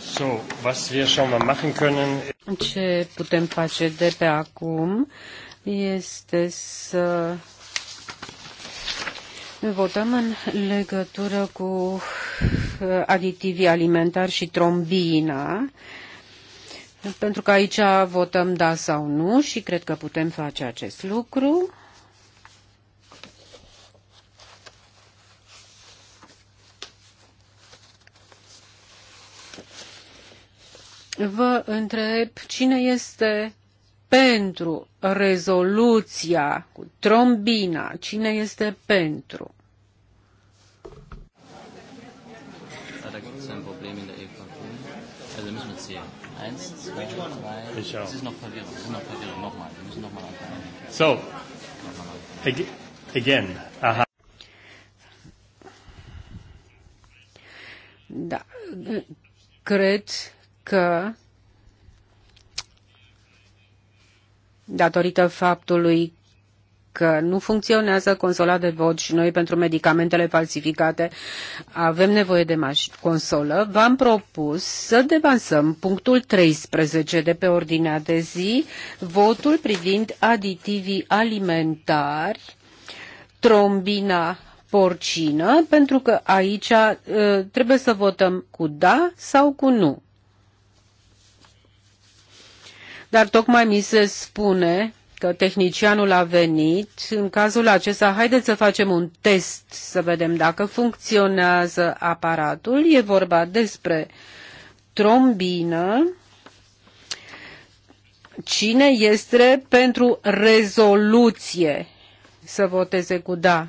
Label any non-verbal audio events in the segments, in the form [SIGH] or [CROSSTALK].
So, was wir schon mal machen können. Ce putem face de pe acum este să votăm în legătură cu uh, aditivii alimentari și trombina, pentru că aici votăm da sau nu și cred că putem face acest lucru. vă întreb cine este pentru rezoluția cu trombina, cine este pentru? So, again, aha. Da, cred că datorită faptului că nu funcționează consola de vot și noi pentru medicamentele falsificate avem nevoie de consolă, v-am propus să devansăm punctul 13 de pe ordinea de zi, votul privind aditivii alimentari, trombina porcină, pentru că aici ă, trebuie să votăm cu da sau cu nu. Dar tocmai mi se spune că tehnicianul a venit. În cazul acesta, haideți să facem un test să vedem dacă funcționează aparatul. E vorba despre trombină. Cine este pentru rezoluție să voteze cu da?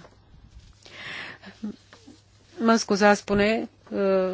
Mă scuzați, spune uh,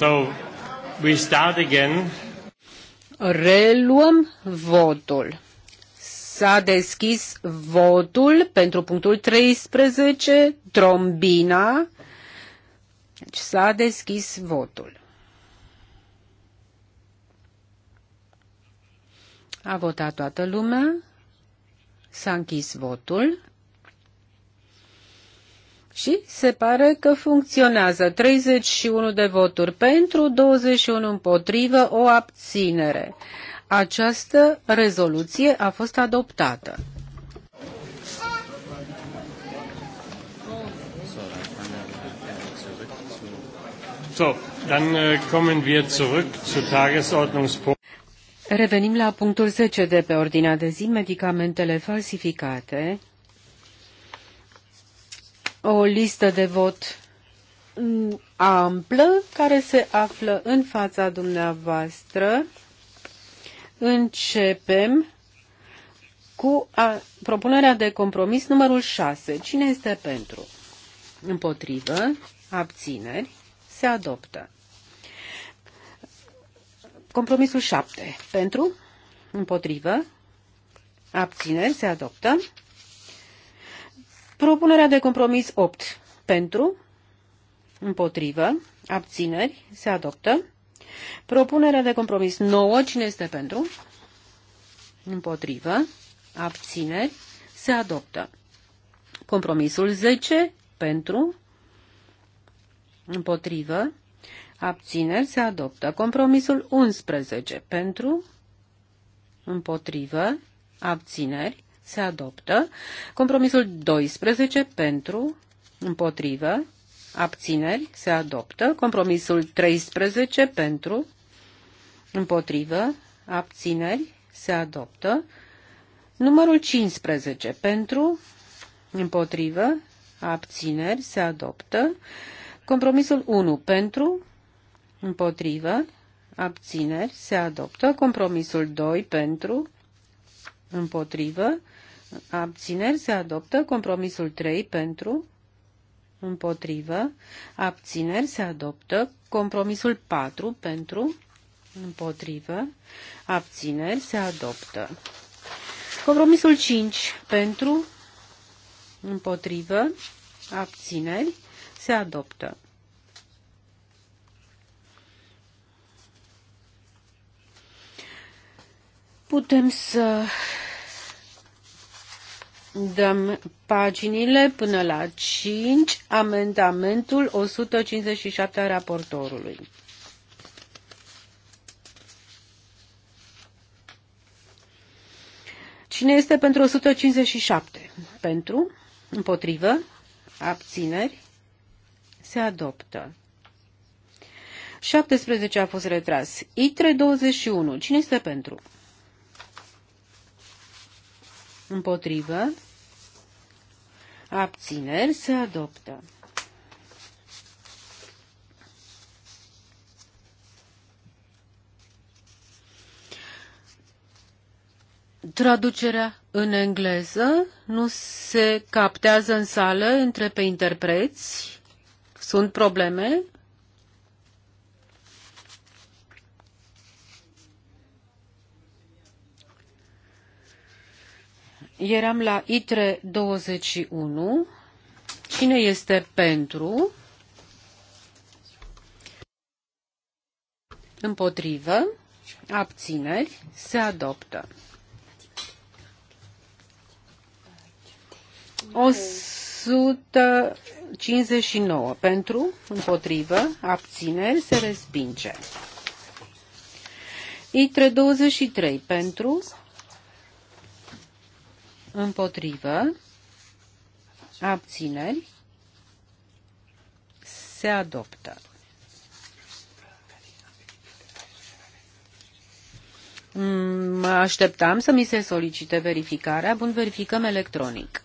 So, we start again. Reluăm votul. S-a deschis votul pentru punctul 13, trombina. Deci s-a deschis votul. A votat toată lumea. S-a închis votul. Și se pare că funcționează 31 de voturi pentru, 21 împotrivă, o abținere. Această rezoluție a fost adoptată. So, dann äh, kommen wir zurück zu Tagesordnungspunkt. Revenim la punctul 10 de pe ordinea de zi, medicamentele falsificate o listă de vot amplă care se află în fața dumneavoastră. Începem cu a, propunerea de compromis numărul 6. Cine este pentru? Împotrivă, abțineri, se adoptă. Compromisul 7. Pentru, împotrivă, abțineri, se adoptă. Propunerea de compromis 8 pentru, împotrivă, abțineri, se adoptă. Propunerea de compromis 9, cine este pentru? Împotrivă, abțineri, se adoptă. Compromisul 10, pentru, împotrivă, abțineri, se adoptă. Compromisul 11, pentru, împotrivă, abțineri, se adoptă. Compromisul 12 pentru, împotrivă, abțineri, se adoptă. Compromisul 13 pentru, împotrivă, abțineri, se adoptă. Numărul 15 pentru, împotrivă, abțineri, se adoptă. Compromisul 1 pentru, împotrivă, abțineri, se adoptă. Compromisul 2 pentru, împotrivă, abțineri se adoptă, compromisul 3 pentru, împotrivă, abțineri se adoptă, compromisul 4 pentru, împotrivă, abțineri se adoptă. Compromisul 5 pentru, împotrivă, abțineri se adoptă. Putem să dăm paginile până la 5, amendamentul 157 a raportorului. Cine este pentru 157? Pentru, împotrivă, abțineri, se adoptă. 17 a fost retras. ITRE 21. Cine este pentru? Împotrivă. Abțineri se adoptă. Traducerea în engleză nu se captează în sală între pe interpreți. Sunt probleme? Eram la ITRE 21. Cine este pentru? Împotrivă. Abțineri. Se adoptă. 159 pentru, împotrivă, abțineri, se respinge. ITRE 23 pentru, Împotrivă. Abțineri. Se adoptă. Mm, mă așteptam să mi se solicite verificarea. Bun, verificăm electronic.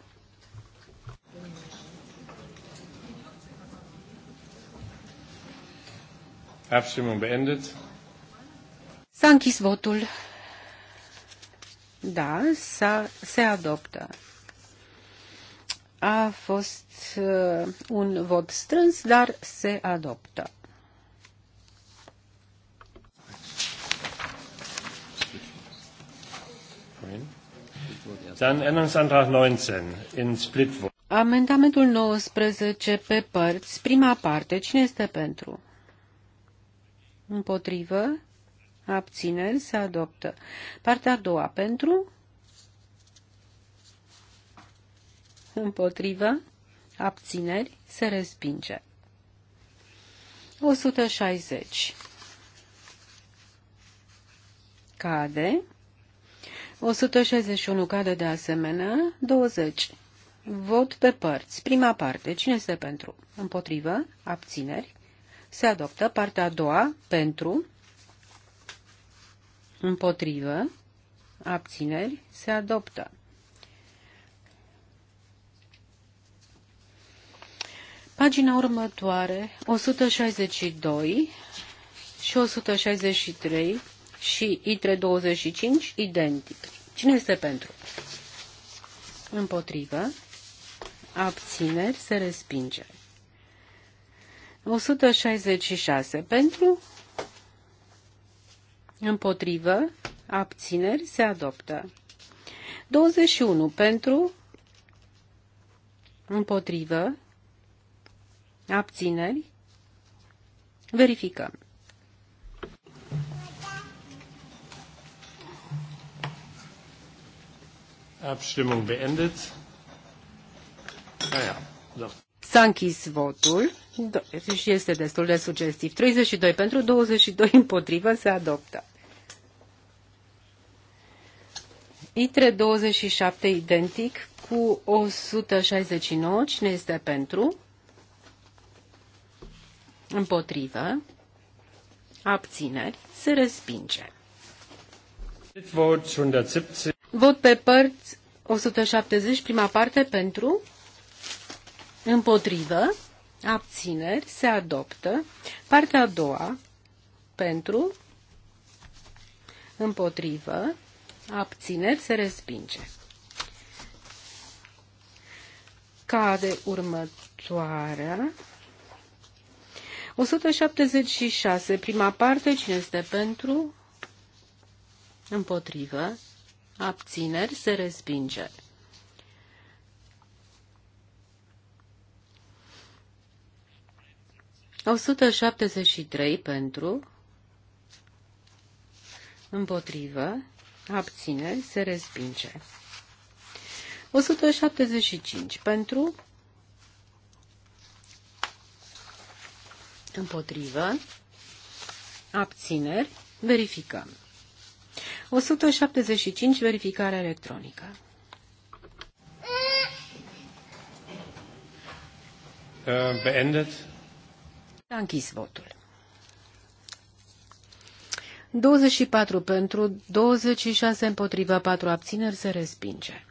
S-a închis votul. Da, se adoptă. A fost uh, un vot strâns, dar se adoptă. 19 Split Amendamentul 19 pe părți, prima parte, cine este pentru? Împotrivă? abțineri se adoptă. Partea a doua pentru, împotrivă, abțineri se respinge. 160 cade, 161 cade de asemenea, 20 Vot pe părți. Prima parte. Cine este pentru? Împotrivă. Abțineri. Se adoptă. Partea a doua. Pentru împotrivă, abțineri, se adoptă. Pagina următoare, 162 și 163 și ITRE 25, identic. Cine este pentru? Împotrivă, abțineri, se respinge. 166 pentru, împotrivă, abțineri, se adoptă. 21 pentru, împotrivă, abțineri, verificăm. Abstimmung beendet. Ah S-a închis votul. Și da, deci este destul de sugestiv. 32 pentru, 22 împotrivă, se adoptă. ITRE 27 identic cu 169. Cine este pentru? Împotrivă. Abțineri. Se respinge. Vot, 170. Vot pe părți 170, prima parte pentru, împotrivă, abțineri, se adoptă. Partea a doua, pentru, împotrivă, abțineri, se respinge. Cade următoarea. 176, prima parte, cine este pentru? Împotrivă, abțineri, se respinge. 173 pentru, împotrivă, abține, se respinge. 175 pentru, împotrivă, abțineri, verificăm. 175, verificare electronică. Äh, beendet. S-a închis votul. 24 pentru, 26 împotriva, 4 abțineri se respinge.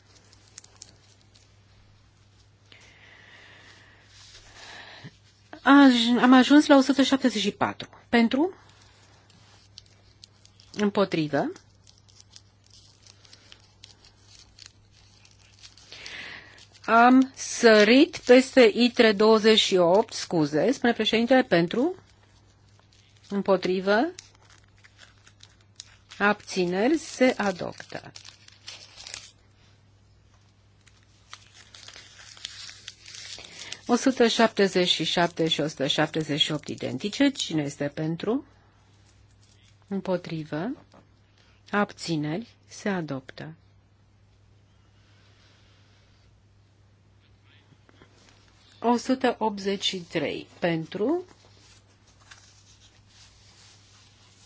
Am ajuns la 174. Pentru, împotrivă, Am sărit peste ITRE 28, scuze, spune președintele, pentru, împotrivă, abțineri, se adoptă. O sută șaptezeci și o sută opt identice. Cine este pentru? Împotrivă. Abțineri. Se adoptă. 183 pentru,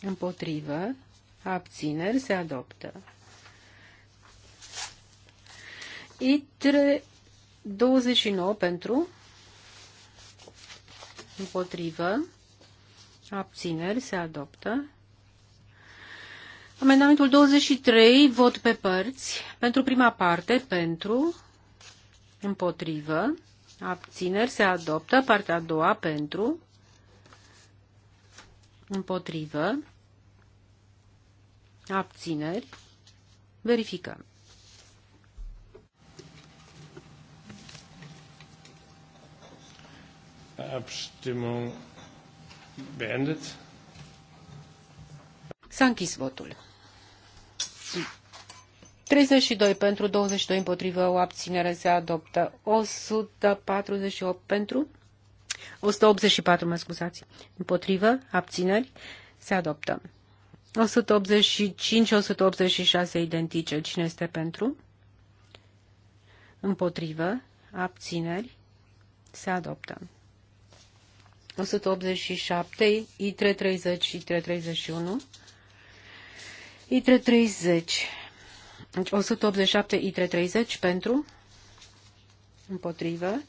împotrivă, abțineri se adoptă. ITRE 29 pentru, împotrivă, abțineri se adoptă. Amendamentul 23, vot pe părți, pentru prima parte, pentru, împotrivă, abțineri se adoptă. Partea a doua pentru, împotrivă, abțineri, verificăm. Abstimmung beendet. S-a închis votul. 32 pentru, 22 împotrivă, o abținere se adoptă. 148 pentru, 184, mă scuzați, împotrivă, abțineri, se adoptă. 185, 186 identice, cine este pentru? Împotrivă, abțineri, se adoptă. 187, I330 și I331. I330 deci 187 i 30 pentru, împotrivă,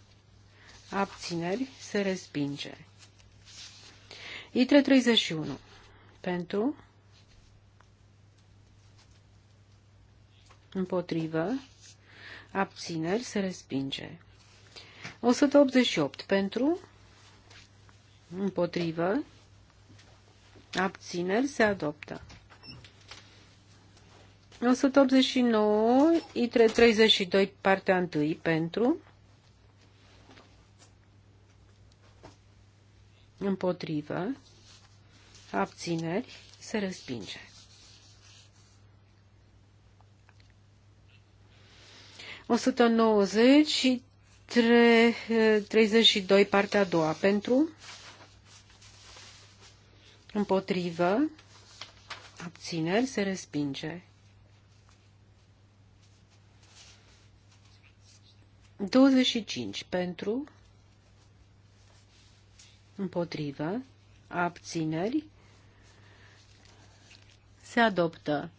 abțineri, se respinge. i 31 pentru, împotrivă, abțineri, se respinge. 188 pentru, împotrivă, abțineri, se adoptă. 189, ITRE 32, partea 1, pentru, împotrivă, abțineri, se respinge. O 190 și 32, partea a doua, pentru, împotrivă, abțineri, se respinge. 25 pentru, împotrivă, abțineri, se adoptă.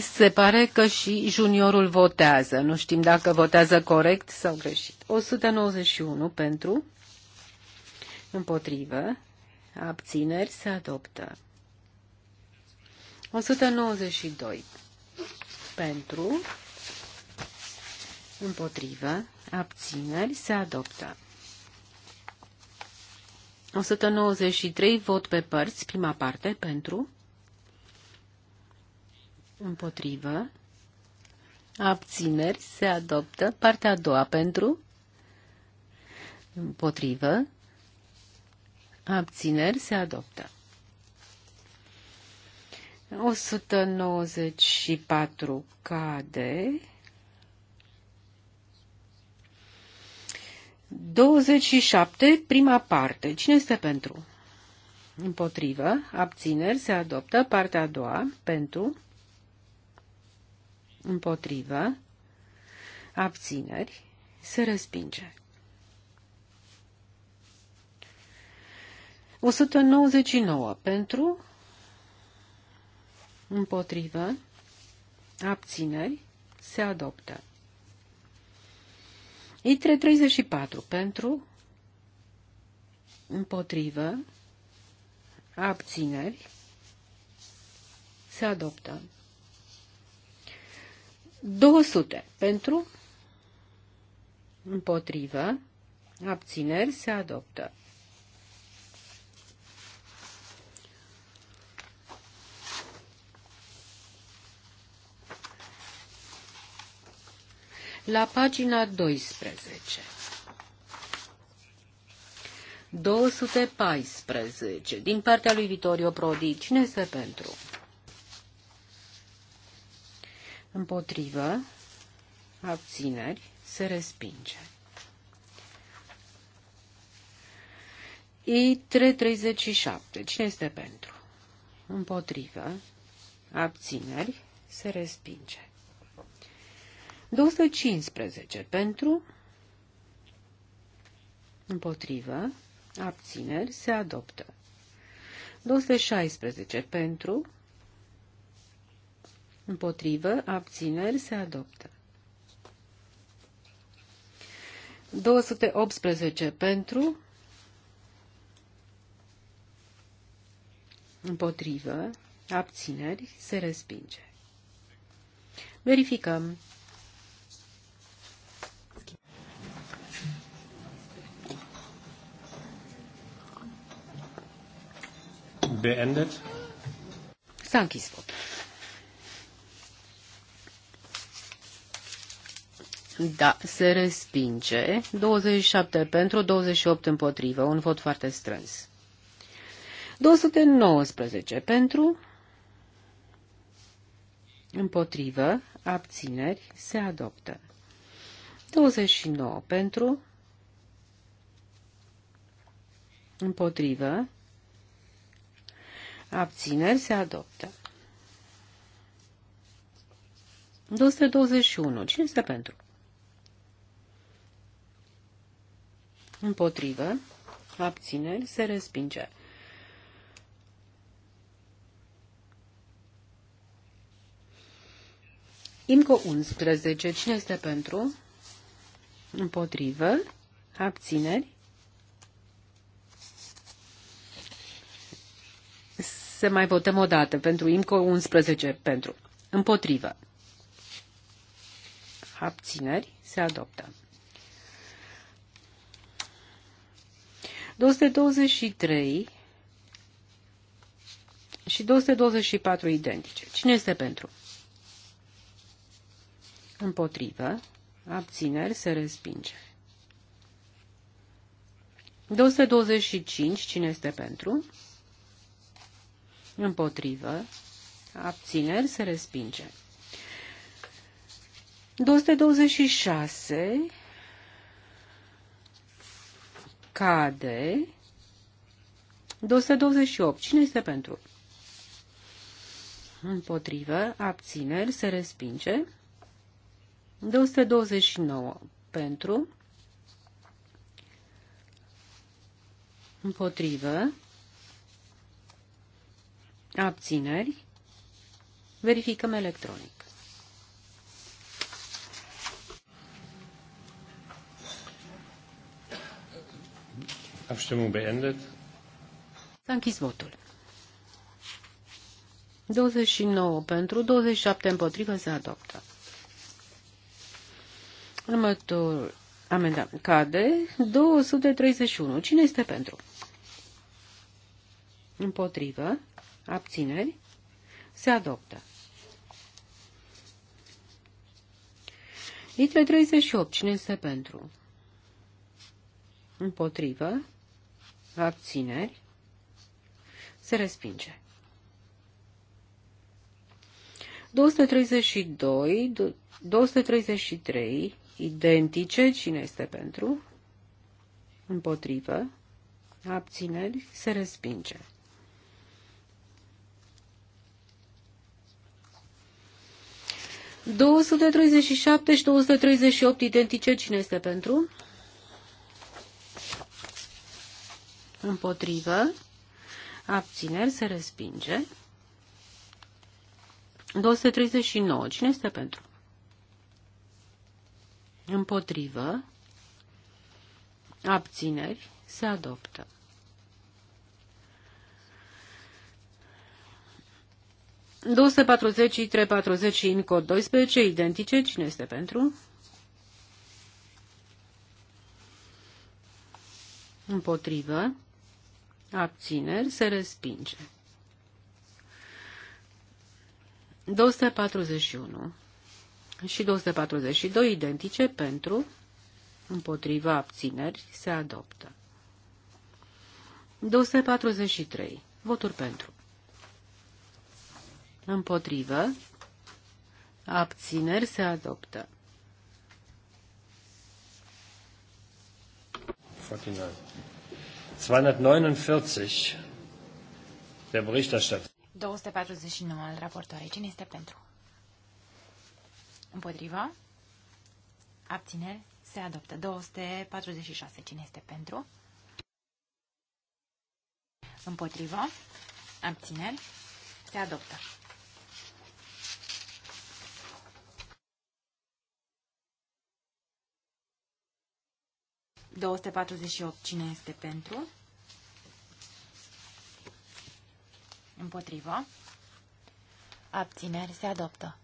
Se pare că și juniorul votează. Nu știm dacă votează corect sau greșit. 191 pentru, împotrivă, abțineri, se adoptă. 192 pentru, împotrivă, abțineri, se adoptă. 193 vot pe părți, prima parte, pentru, împotrivă, abțineri, se adoptă, partea a doua, pentru, împotrivă, abțineri, se adoptă. 194 cade. 27, prima parte. Cine este pentru? Împotrivă. Abțineri se adoptă. Partea a doua. Pentru. Împotrivă. Abțineri se respinge. 199 pentru împotrivă, abțineri, se adoptă. ITRE 34 pentru, împotrivă, abțineri, se adoptă. 200 pentru, împotrivă, abțineri, se adoptă. La pagina 12. 214. Din partea lui Vitorio Prodi. Cine este pentru? Împotrivă. Abțineri. Se respinge. I337. Cine este pentru? Împotrivă. Abțineri. Se respinge. 215 pentru, împotrivă, abțineri, se adoptă. 216 pentru, împotrivă, abțineri, se adoptă. 218 pentru, împotrivă, abțineri, se respinge. Verificăm. beendet. S-a închis Da, se respinge. 27 pentru, 28 împotrivă. Un vot foarte strâns. 219 pentru, împotrivă, abțineri, se adoptă. 29 pentru, împotrivă, abțineri se adoptă. 221. Cine este pentru? Împotrivă, abțineri se respinge. 11. Cine este pentru? Împotrivă. Abțineri. să mai votăm o dată. Pentru IMCO 11 pentru. Împotrivă. Abțineri se adoptă. 223 și 224 identice. Cine este pentru? Împotrivă. Abțineri se respinge. 225. Cine este pentru? Împotrivă. Abțineri se respinge. 226 cade. 228. Cine este pentru? Împotrivă. Abțineri se respinge. 229 pentru. Împotrivă. Abțineri. Verificăm electronic. Abstimmung beendet. S-a închis votul. 29 pentru, 27 împotrivă se adoptă. Următorul amendament cade 231. Cine este pentru? Împotrivă abțineri, se adoptă. Litre 38. Cine este pentru? Împotrivă. Abțineri. Se respinge. 232, 233, identice, cine este pentru? Împotrivă, abțineri, se respinge. 237 și 238 identice. Cine este pentru? Împotrivă. Abțineri se respinge. 239. Cine este pentru? Împotrivă. Abțineri se adoptă. 240 340 și INCO 12 identice. Cine este pentru? Împotrivă. Abțineri. Se respinge. 241 și 242 identice pentru, împotriva abțineri, se adoptă. 243. Voturi pentru. Împotrivă. Abțineri se adoptă. 249. Der Berichterstatter. 249 al raportoarei. Cine este pentru? Împotriva? Abțineri? Se adoptă. 246. Cine este pentru? Împotriva? Abțineri? Se adoptă. 248. Cine este pentru? Împotrivă. Abțineri se adoptă.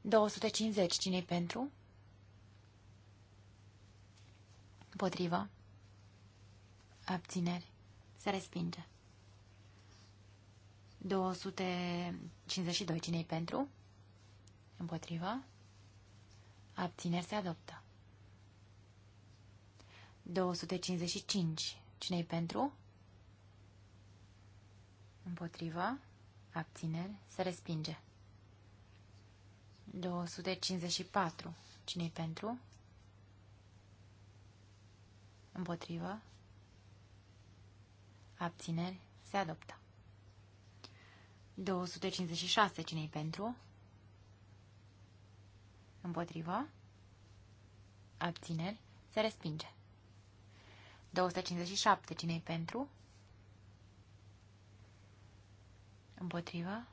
250. cine pentru? Împotrivă. Abțineri. Se respinge. 252. cine pentru? Împotrivă. Abțineri se adoptă. 255. cine e pentru? Împotrivă. Abțineri. Se respinge. 254. cine e pentru? Împotrivă. Abțineri. Se adoptă. 256. cine e pentru? Împotrivă. Abțineri. Se respinge. 257. cine pentru? Împotrivă?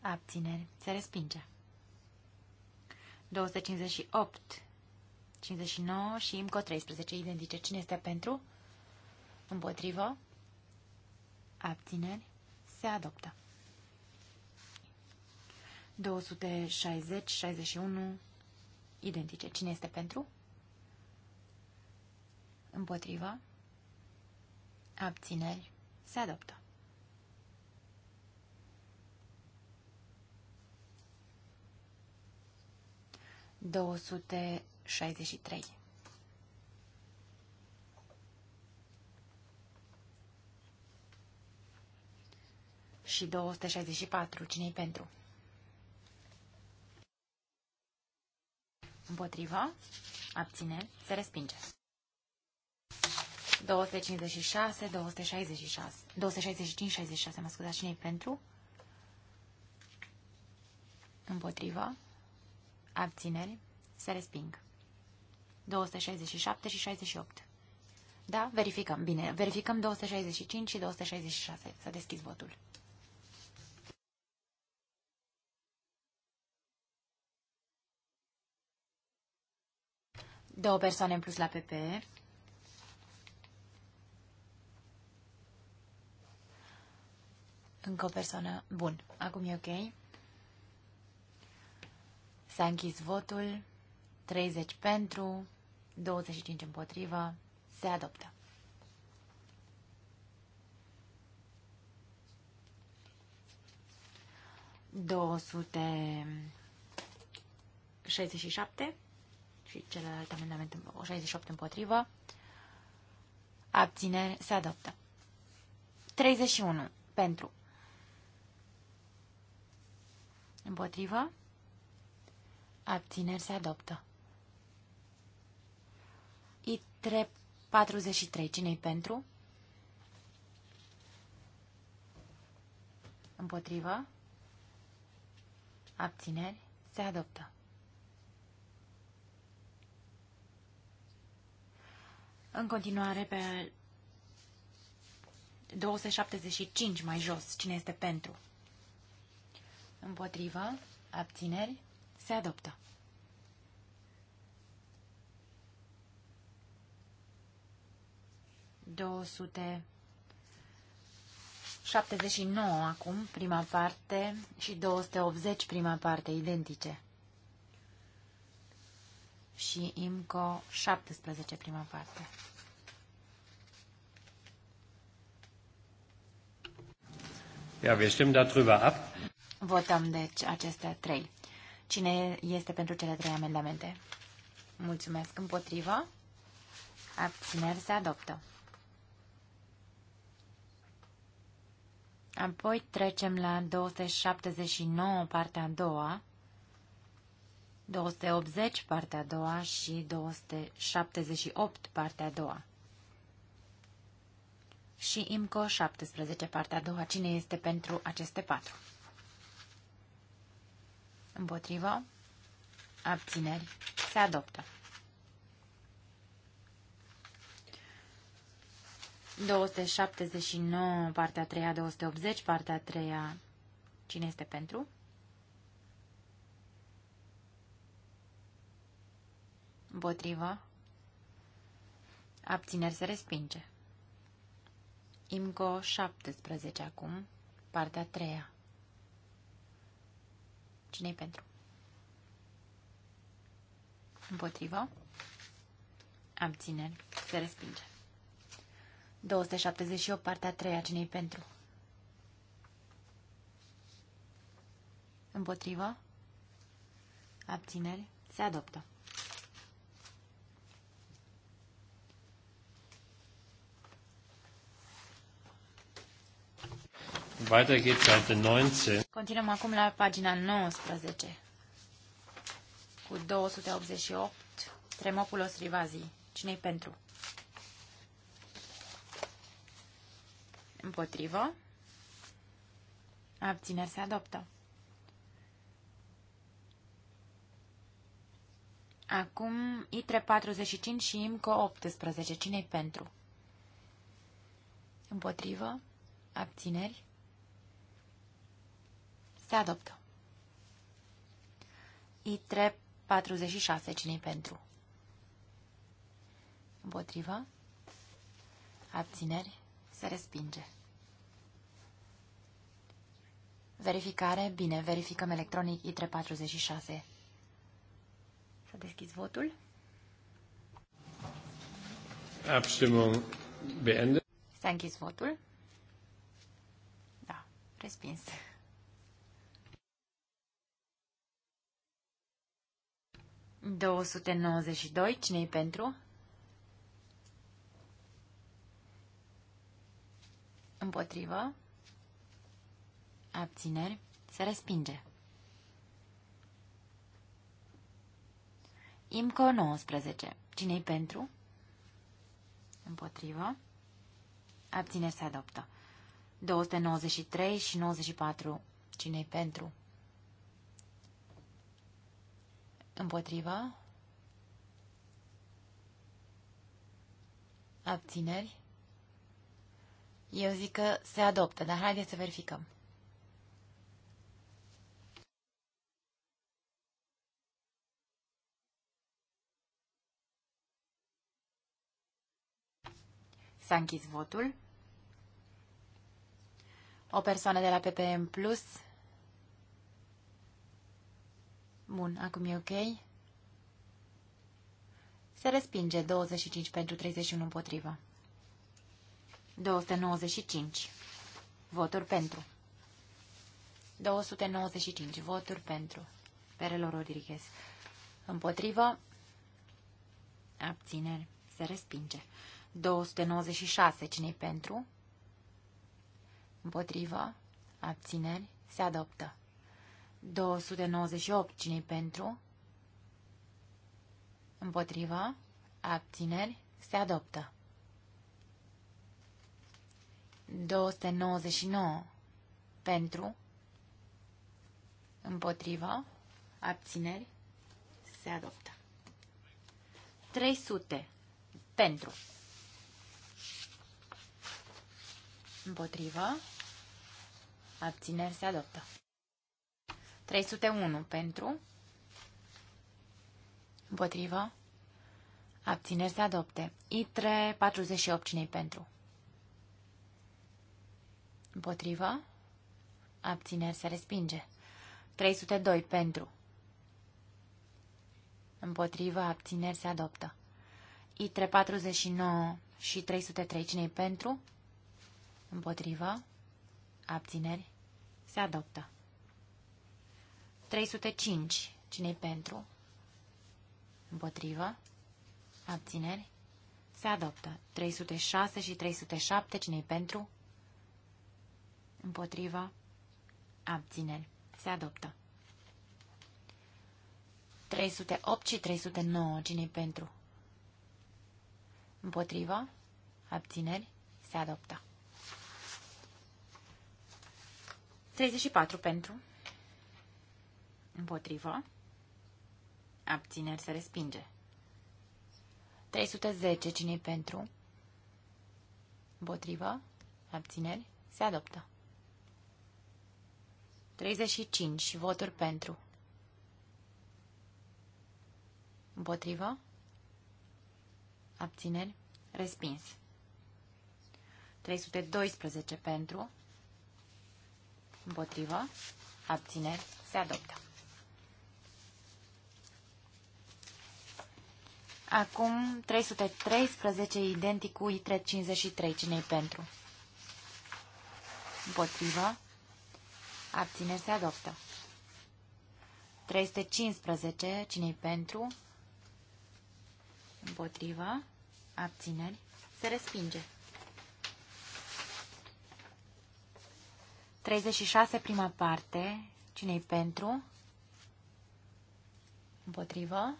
Abțineri. Se respinge. 258, 59 și încă 13 identice. Cine este pentru? Împotrivă? Abțineri. Se adoptă. 260, 61 identice. Cine este pentru? Împotrivă. Abțineri. Se adoptă. Două sute șaizeci și trei. și 264. Cine-i pentru? Împotriva? Abține? Se respinge. 256, 266, 265, 66, mă scuzați, cine pentru? Împotrivă. Abțineri. Se resping. 267 și 68. Da? Verificăm. Bine. Verificăm 265 și 266. Să deschid votul. Două persoane în plus la PP. Încă o persoană. Bun. Acum e ok. S-a închis votul. 30 pentru, 25 împotrivă. Se adoptă. Douăsute 67 și celălalt amendament 68 împotrivă. abține, se adoptă. 31 pentru Împotrivă? Abțineri se adoptă. i 43 Cine-i pentru? Împotrivă? Abțineri se adoptă. În continuare pe 275 mai jos. Cine este pentru? Împotrivă. Abțineri. Se adoptă. Douăsute 79 acum, prima parte, și 280 prima parte, identice. Și IMCO 17 prima parte. Ja, wir stimmen darüber ab. Votăm, deci, aceste trei. Cine este pentru cele trei amendamente? Mulțumesc. Împotrivă? Abțineri se adoptă. Apoi trecem la 279, partea a doua, 280, partea a doua și 278, partea a doua. Și IMCO 17, partea a doua. Cine este pentru aceste patru? Împotrivă. Abțineri. Se adoptă. 279, partea 3 280, partea 3 Cine este pentru? Împotrivă. Abțineri se respinge. IMCO 17 acum, partea 3 -a. Cine-i pentru? Împotrivă. Abțineri. Se respinge. 278, partea 3 a cinei pentru? Împotrivă. Abțineri. Se adoptă. Weiter geht's, Seite 19. Continuăm acum la pagina 19 cu 288 Tremopulos Rivazi. cine pentru? Împotrivă. Abțineri se adoptă. Acum ITRE 45 și IMCO 18. Cine-i pentru? Împotrivă? Abțineri? Se adoptă. I3 46. cine pentru? Împotriva? Abțineri. Se respinge. Verificare. Bine, verificăm electronic I346. Să deschizi votul. Abstimmung beendet. S-a închis votul. Da, respins. 292. Cine-i pentru? Împotrivă. Abțineri. Se respinge. IMCO 19. Cine-i pentru? Împotrivă. Abțineri se adoptă. 293 și 94. Cine-i pentru? Împotriva. Abțineri. Eu zic că se adoptă, dar haideți să verificăm. S-a închis votul. O persoană de la PPM Plus Bun, acum e ok. Se respinge 25 pentru 31 împotriva. 295 voturi pentru. 295 voturi pentru. Perelor Rodriguez. Împotrivă. Abțineri. Se respinge. 296. Cine-i pentru? Împotrivă. Abțineri. Se adoptă. 298. cine pentru? Împotriva? Abțineri? Se adoptă. 299. Pentru? Împotriva? Abțineri? Se adoptă. 300. Pentru. Împotriva? Abțineri? Se adoptă. 301 pentru, împotrivă, abțineri se adopte. I3 48 cine pentru, împotrivă, abțineri se respinge. 302 pentru, împotrivă, abțineri se adoptă. I3 49 și 303 cine pentru, împotrivă, abțineri se adoptă. 305. Cine-i pentru? Împotrivă. Abțineri. Se adoptă. 306 și 307. Cine-i pentru? Împotrivă. Abțineri. Se adoptă. 308 și 309. Cine-i pentru? Împotrivă. Abțineri. Se adoptă. 34 pentru. Împotrivă. Abțineri se respinge. 310. cine pentru? Împotrivă. Abțineri se adoptă. 35. Voturi pentru. Împotrivă. Abțineri. Respins. 312 pentru. Împotrivă. Abțineri. Se adoptă. Acum 313 identic cu I353. cine pentru? Împotrivă. Abțineri se adoptă. 315. cine pentru? Împotrivă. Abțineri. Se respinge. 36. Prima parte. cine pentru? Împotrivă.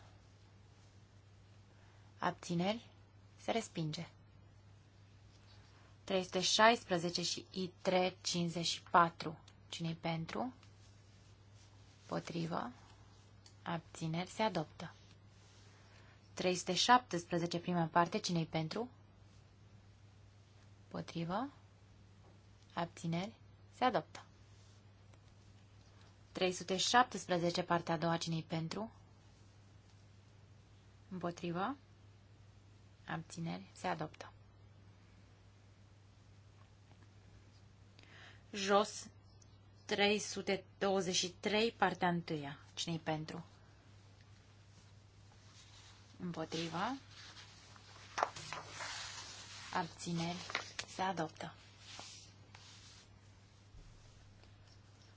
Abțineri? Se respinge. 316 și i 354 Cine-i pentru? Potrivă. Abțineri se adoptă. 317 prima parte. Cine-i pentru? Potrivă. Abțineri se adoptă. 317 partea a doua. Cine-i pentru? Împotrivă abțineri, se adoptă. Jos 323, partea 1. Cine-i pentru? Împotriva. Abțineri. Se adoptă.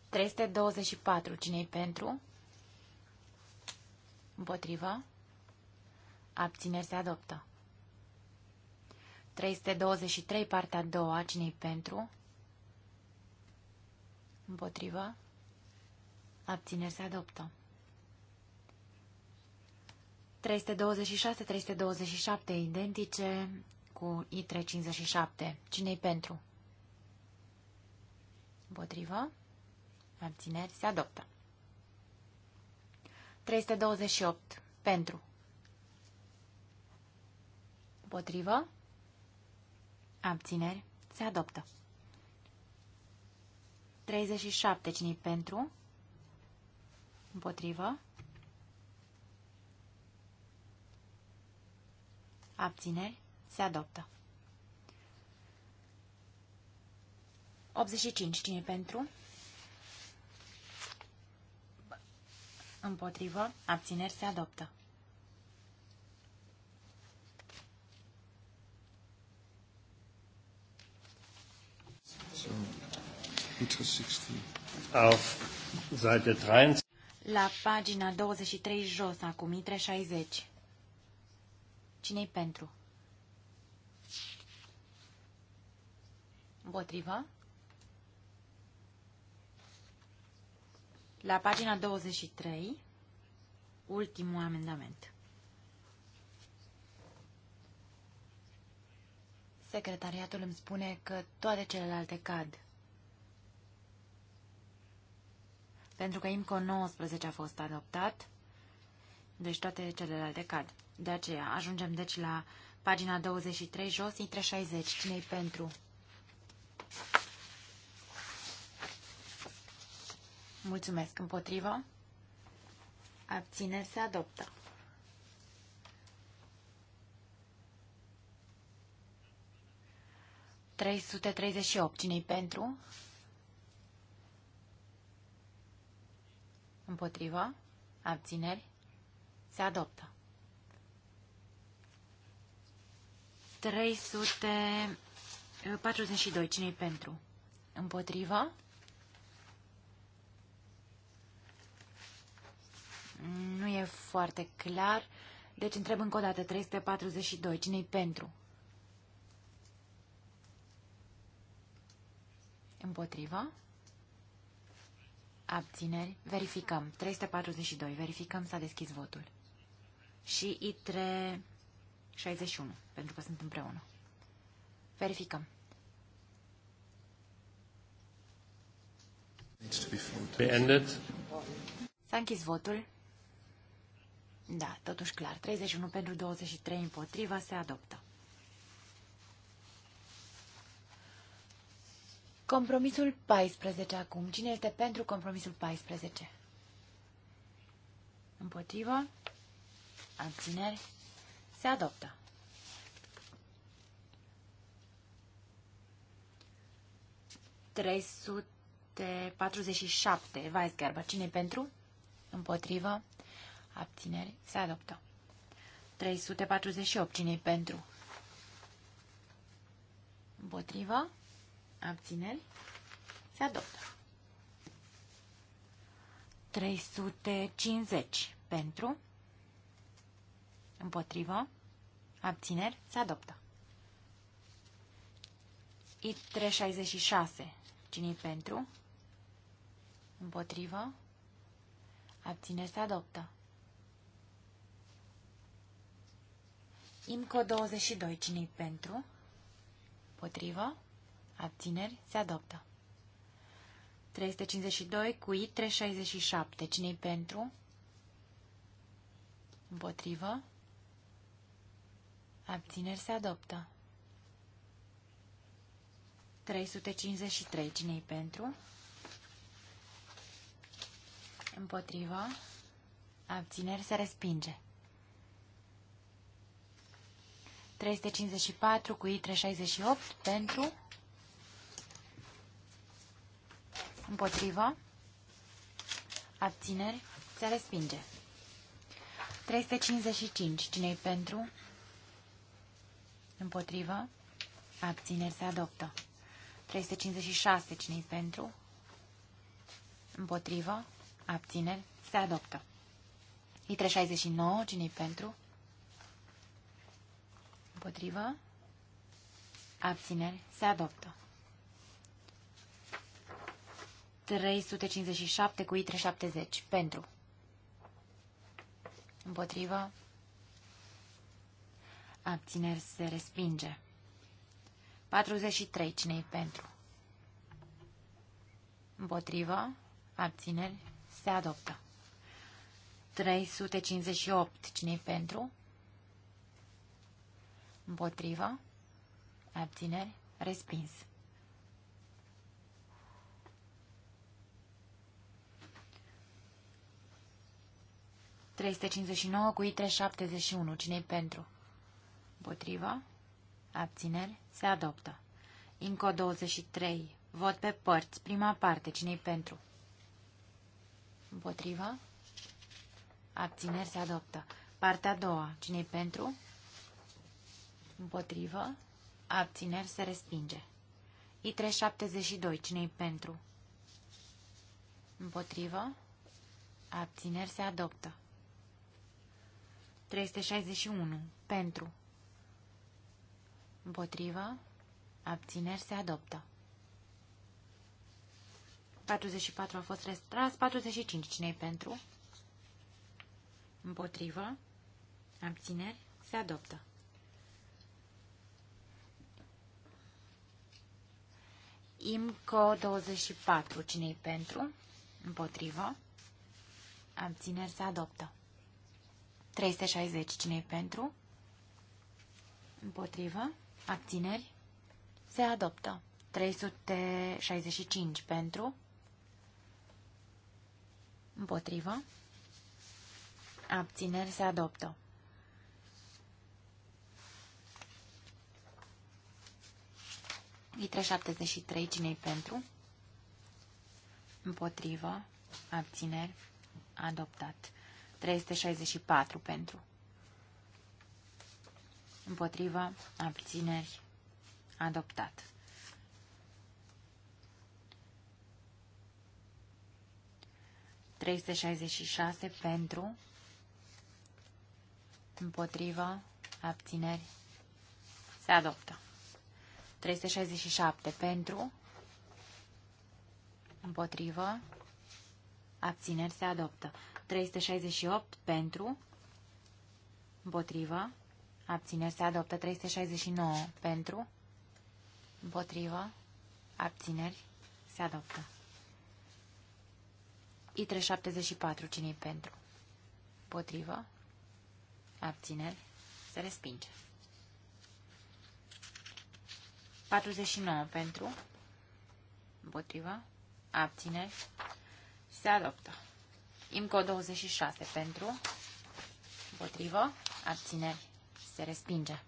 324. Cine-i pentru? Împotriva. Abțineri. Se adoptă. 323, partea a doua, cine pentru? Împotrivă? Abțineri se adoptă. 326, 327 identice cu I357. Cine-i pentru? Împotrivă? Abțineri se adoptă. 328. Pentru. Împotrivă? Abțineri. Se adoptă. 37. Cine pentru? Împotrivă. Abțineri. Se adoptă. 85. Cine pentru? Împotrivă. Abțineri. Se adoptă. La pagina 23 jos, acum intre 60. Cine-i pentru? Împotriva? La pagina 23, ultimul amendament. Secretariatul îmi spune că toate celelalte cad. pentru că IMCO 19 a fost adoptat, deci toate celelalte cad. De aceea ajungem deci la pagina 23 jos, intre 60. cine pentru? Mulțumesc. Împotrivă? Abține, se adoptă. Trei sute treizeci și opt. Cine-i pentru? Împotrivă? Abțineri? Se adoptă. 342. cine pentru? Împotrivă? Nu e foarte clar. Deci întreb încă o dată. 342. cine pentru? Împotrivă? abțineri, verificăm. 342, verificăm, s-a deschis votul. Și I3 61, pentru că sunt împreună. Verificăm. S-a închis votul. Da, totuși clar. 31 pentru 23 împotriva se adoptă. Compromisul 14 acum. Cine este pentru compromisul 14? Împotrivă. Abțineri. Se adoptă. Trei sute patruzeci și șapte. Weisgerber. cine pentru? Împotrivă. Abțineri. Se adoptă. 348. cine pentru? Împotrivă abțineri, se adoptă. 350 pentru, împotrivă, abțineri, se adoptă. I366, cine pentru, împotrivă, abțineri, se adoptă. IMCO 22, cine pentru, împotrivă, Abțineri? Se adoptă. 352 cu I 367. Cine-i pentru? Împotrivă? Abțineri se adoptă. 353. Cine-i pentru? Împotrivă? Abțineri se respinge. 354 cu I 368 pentru Împotrivă. Abțineri. Se respinge. 355. Cine-i pentru? Împotrivă. Abțineri se adoptă. 356. Cine-i pentru? Împotrivă. Abțineri se adoptă. I369. Cine-i pentru? Împotrivă. Abțineri se adoptă. 357 cu ITRE 70. Pentru. Împotrivă. Abțineri se respinge. 43. cine pentru? Împotrivă. Abțineri se adoptă. 358. cine pentru? Împotrivă. Abțineri. Respins. 359 cu I371. cine pentru? Împotriva? Abțineri? Se adoptă. Inco 23. Vot pe părți. Prima parte. cine pentru? Împotriva? Abțineri? Se adoptă. Partea a doua. cine pentru? Împotrivă? Abțineri? Se respinge. I372. cine pentru? Împotrivă? Abțineri se adoptă. 361. Pentru. Împotrivă. Abțineri se adoptă. 44 a fost retras. 45. cine pentru? Împotrivă. Abțineri se adoptă. IMCO 24. cine pentru? Împotrivă. Abțineri se adoptă. 360. cine pentru? Împotrivă. Abțineri. Se adoptă. 365 pentru. Împotrivă. Abțineri se adoptă. Litre 73, cine pentru? Împotrivă. Abțineri. Adoptat. 364 pentru. împotriva abțineri, adoptat. șase pentru, împotriva, abțineri, se adoptă. 367 pentru, împotriva abțineri, se adoptă. 368 pentru, împotrivă, abțineri se adoptă 369 pentru, împotrivă, abțineri se adoptă. I374 cine pentru, împotrivă, abțineri se respinge. 49 pentru, împotrivă, abțineri se adoptă. IMCO 26 pentru, împotrivă, abțineri, se respinge.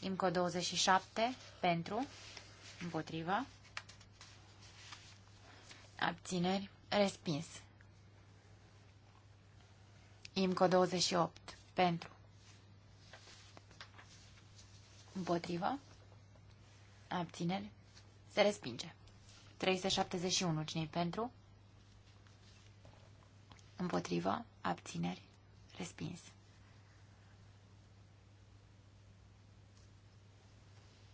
IMCO 27 pentru, împotrivă, abțineri, respins. IMCO 28 pentru, împotrivă, abțineri, se respinge. 371 cine pentru, Împotrivă. Abțineri. Respins.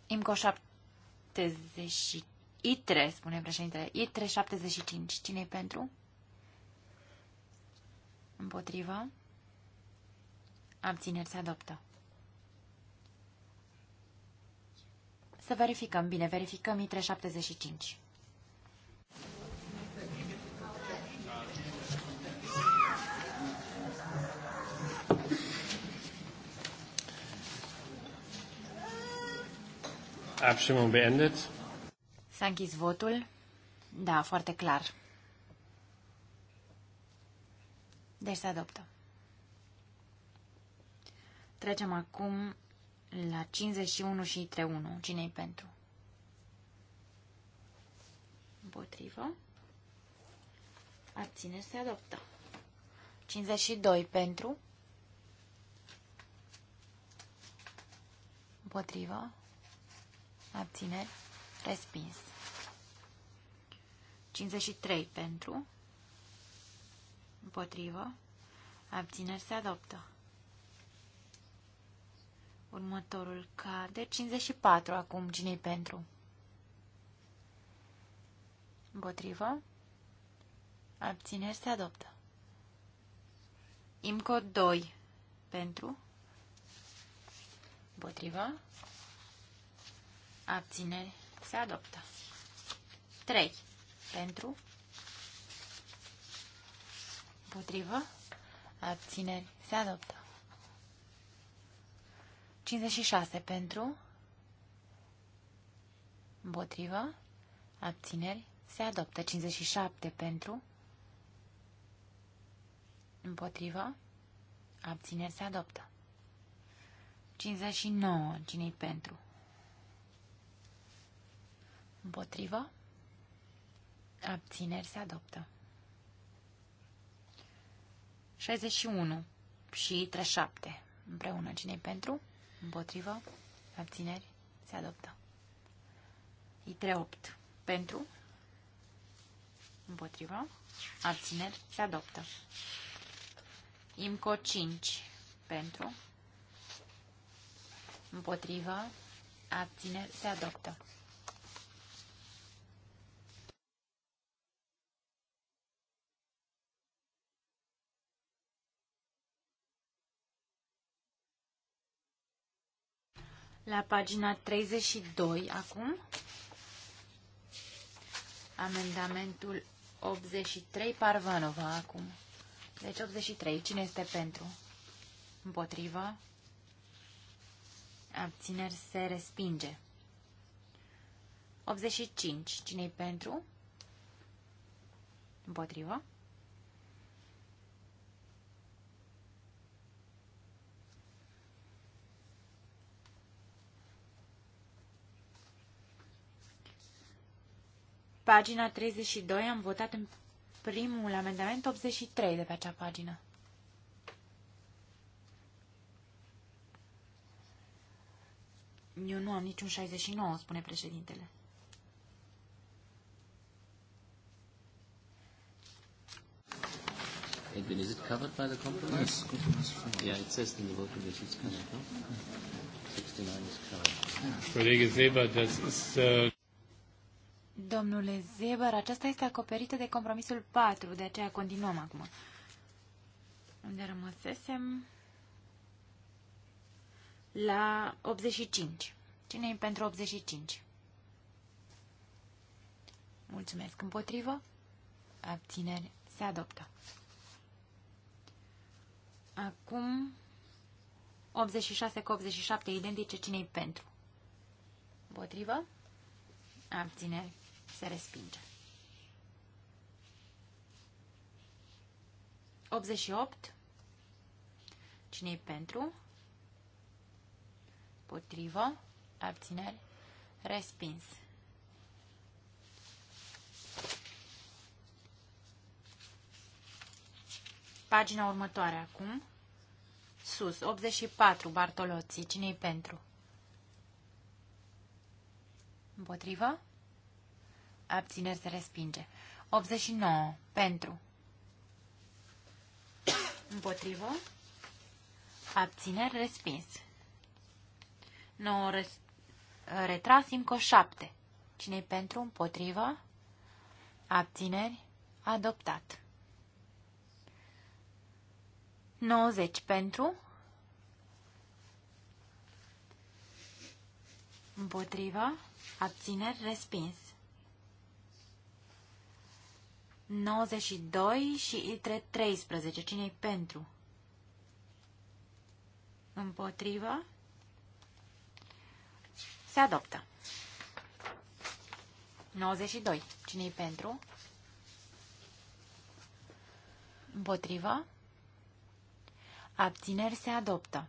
IMCO 70. ITRE, spune președintele. ITRE 75. cine e pentru? Împotrivă. Abțineri se adoptă. Să verificăm. Bine, verificăm ITRE 75. Abstimmung beendet. S-a închis votul. Da, foarte clar. Deci se adoptă. Trecem acum la 51 și 31. cine e pentru? Împotrivă. Abține se adoptă. 52 pentru. Împotrivă abțineri, respins. 53 pentru, împotrivă, abțineri se adoptă. Următorul cade, 54 acum, cine pentru? Împotrivă, abțineri se adoptă. IMCO 2 pentru, împotrivă, abțineri, se adoptă. 3. Pentru, Potrivă. abțineri, se adoptă. 56. Pentru, împotrivă, abțineri, se adoptă. 57. Pentru, împotrivă, abțineri, se adoptă. 59. Cine-i pentru? Împotrivă. Abțineri se adoptă. 61 și 37. Împreună cine pentru? Împotrivă. Abțineri se adoptă. I38. Pentru? Împotrivă. Abțineri se adoptă. IMCO 5. Pentru? Împotrivă. Abțineri se adoptă. La pagina 32 acum. Amendamentul 83, Parvanova acum. Deci 83, cine este pentru? Împotrivă? Abțineri se respinge. 85, cine pentru? Împotrivă? pagina 32 am votat în primul amendament 83 de pe acea pagină. Eu nu am niciun 69, spune președintele. Edwin, is it covered by the compromise? Yeah, it says in the voting list it's covered, no? 69 is covered. Kollege Seber, das ist... Äh, Domnule Zeber, aceasta este acoperită de compromisul 4, de aceea continuăm acum. Unde rămăsesem? La 85. Cine e pentru 85? Mulțumesc. Împotrivă? Abțineri. Se adoptă. Acum 86 cu 87 identice. cine e pentru? Împotrivă? Abțineri. Se respinge. 88. cine e pentru? Potrivă. Abțineri. Respins. Pagina următoare acum. Sus, 84, Bartoloții. Cine-i pentru? Împotrivă? abțineri se respinge. 89 pentru, împotrivă, abțineri respins. 9 res retras, încă 7. Cine-i pentru, împotrivă, abțineri, adoptat. 90 pentru, împotriva, abțineri, respins. 92 și 3 13. Cine-i pentru? Împotrivă? Se adoptă. 92. Cine-i pentru? Împotrivă? Abțineri se adoptă.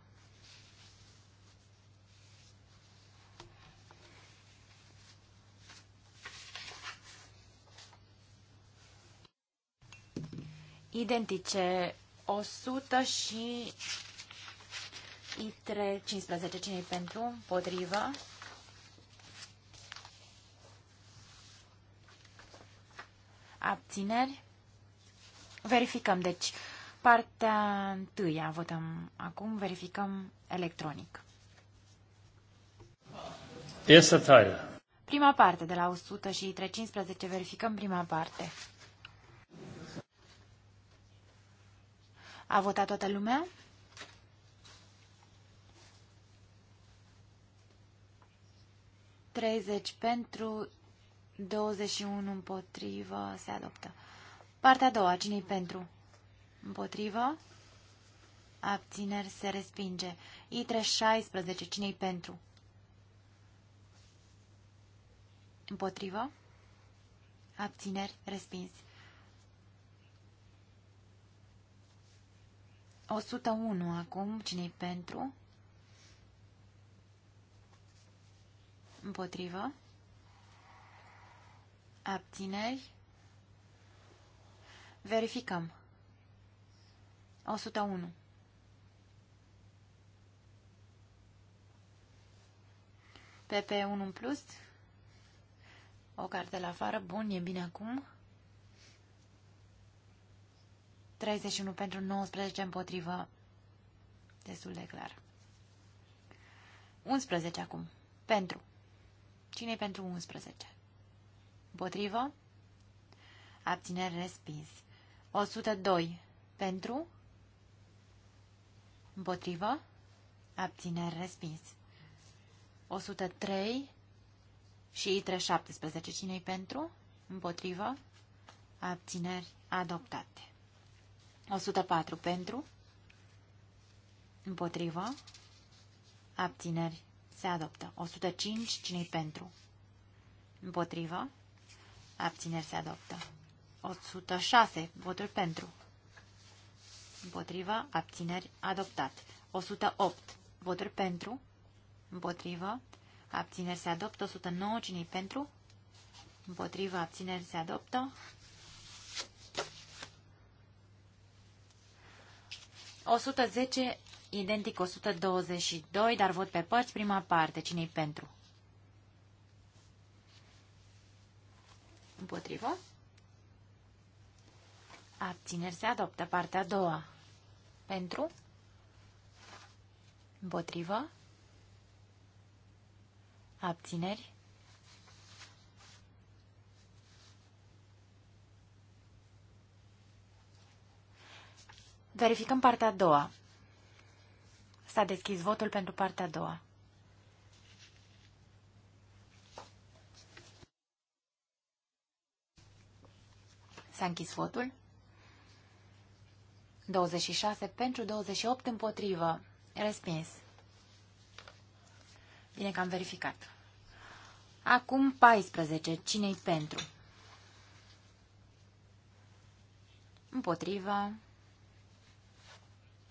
identice 100 și ITRE 15. cine pentru? potrivă. Abțineri. Verificăm, deci, partea întâia votăm acum, verificăm electronic. Este Prima parte de la 100 și 315, verificăm prima parte. A votat toată lumea? Treizeci pentru, 21 împotrivă, se adoptă. Partea a doua, cine pentru? Împotrivă? Abțineri se respinge. Itre 16, cine pentru? Împotrivă? Abțineri, respins. 101 acum, cine pentru? Împotrivă. Abțineri. Verificăm. 101. PP1 plus. O carte la afară. Bun, e bine acum. 31 pentru 19 împotrivă. Destul de clar. 11 acum. Pentru. cine pentru 11? Împotrivă? Abțineri respins. 102. Pentru? Împotrivă? Abțineri respins. 103 și ITRE 17. cine pentru? Împotrivă? Abțineri adoptate. 104 pentru, împotrivă, abțineri, se adoptă. 105, cine pentru? Împotrivă, abțineri, se adoptă. 106, voturi pentru. Împotrivă, abțineri, adoptat. 108, voturi pentru. Împotrivă, abțineri, se adoptă. 109, cine pentru? Împotrivă, abțineri, se adoptă. 110, identic 122, dar vot pe părți, prima parte. Cine-i pentru? Împotrivă? Abțineri se adoptă. Partea a doua. Pentru? Împotrivă? Abțineri? Verificăm partea a doua. S-a deschis votul pentru partea a doua. S-a închis votul. 26 pentru 28 împotrivă. Respins. Bine că am verificat. Acum 14. Cine-i pentru? Împotrivă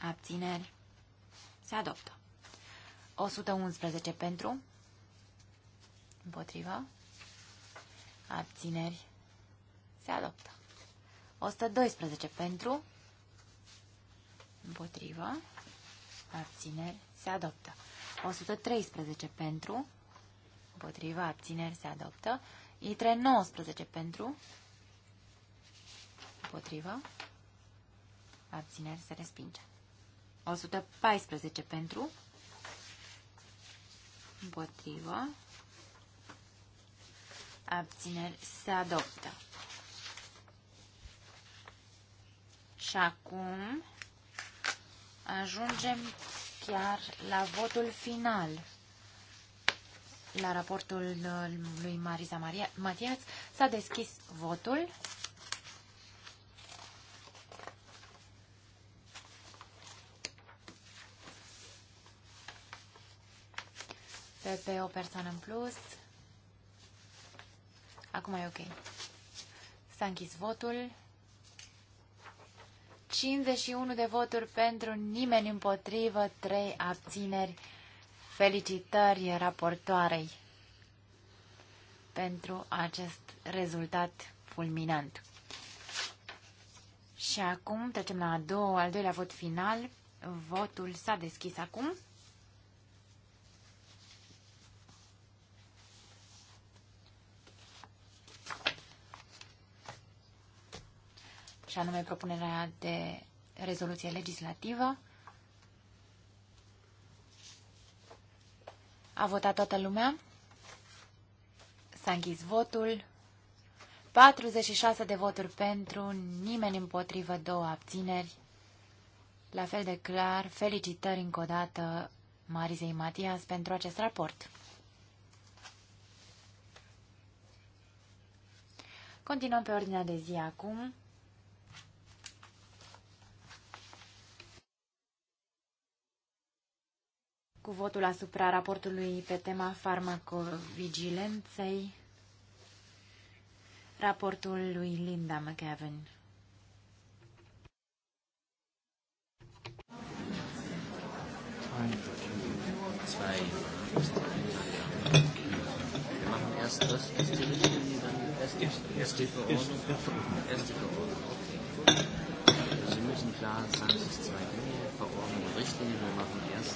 abțineri, se adoptă. 111 pentru, împotriva, abțineri, se adoptă. 112 pentru, împotriva, abțineri, se adoptă. 113 pentru, împotriva, abțineri, se adoptă. Itre 19 pentru, împotriva, abțineri, se respinge. 114 pentru, împotrivă, abțineri, se adoptă. Și acum ajungem chiar la votul final la raportul lui Mariza Maria, Matiaț s-a deschis votul. pe o persoană în plus. Acum e ok. S-a închis votul. 51 de voturi pentru, nimeni împotrivă, 3 abțineri. Felicitări raportoarei pentru acest rezultat fulminant. Și acum trecem la a doua, al doilea vot final. Votul s-a deschis acum. anume propunerea de rezoluție legislativă. A votat toată lumea. S-a închis votul. 46 de voturi pentru, nimeni împotrivă, două abțineri. La fel de clar, felicitări încă o dată Marizei Matias pentru acest raport. Continuăm pe ordinea de zi acum cu votul asupra raportului pe tema farmacovigilenței, raportul lui Linda McGavin. Sie müssen klar sagen, es ist zwei Dinge, Verordnung und Richtlinie. Wir machen erst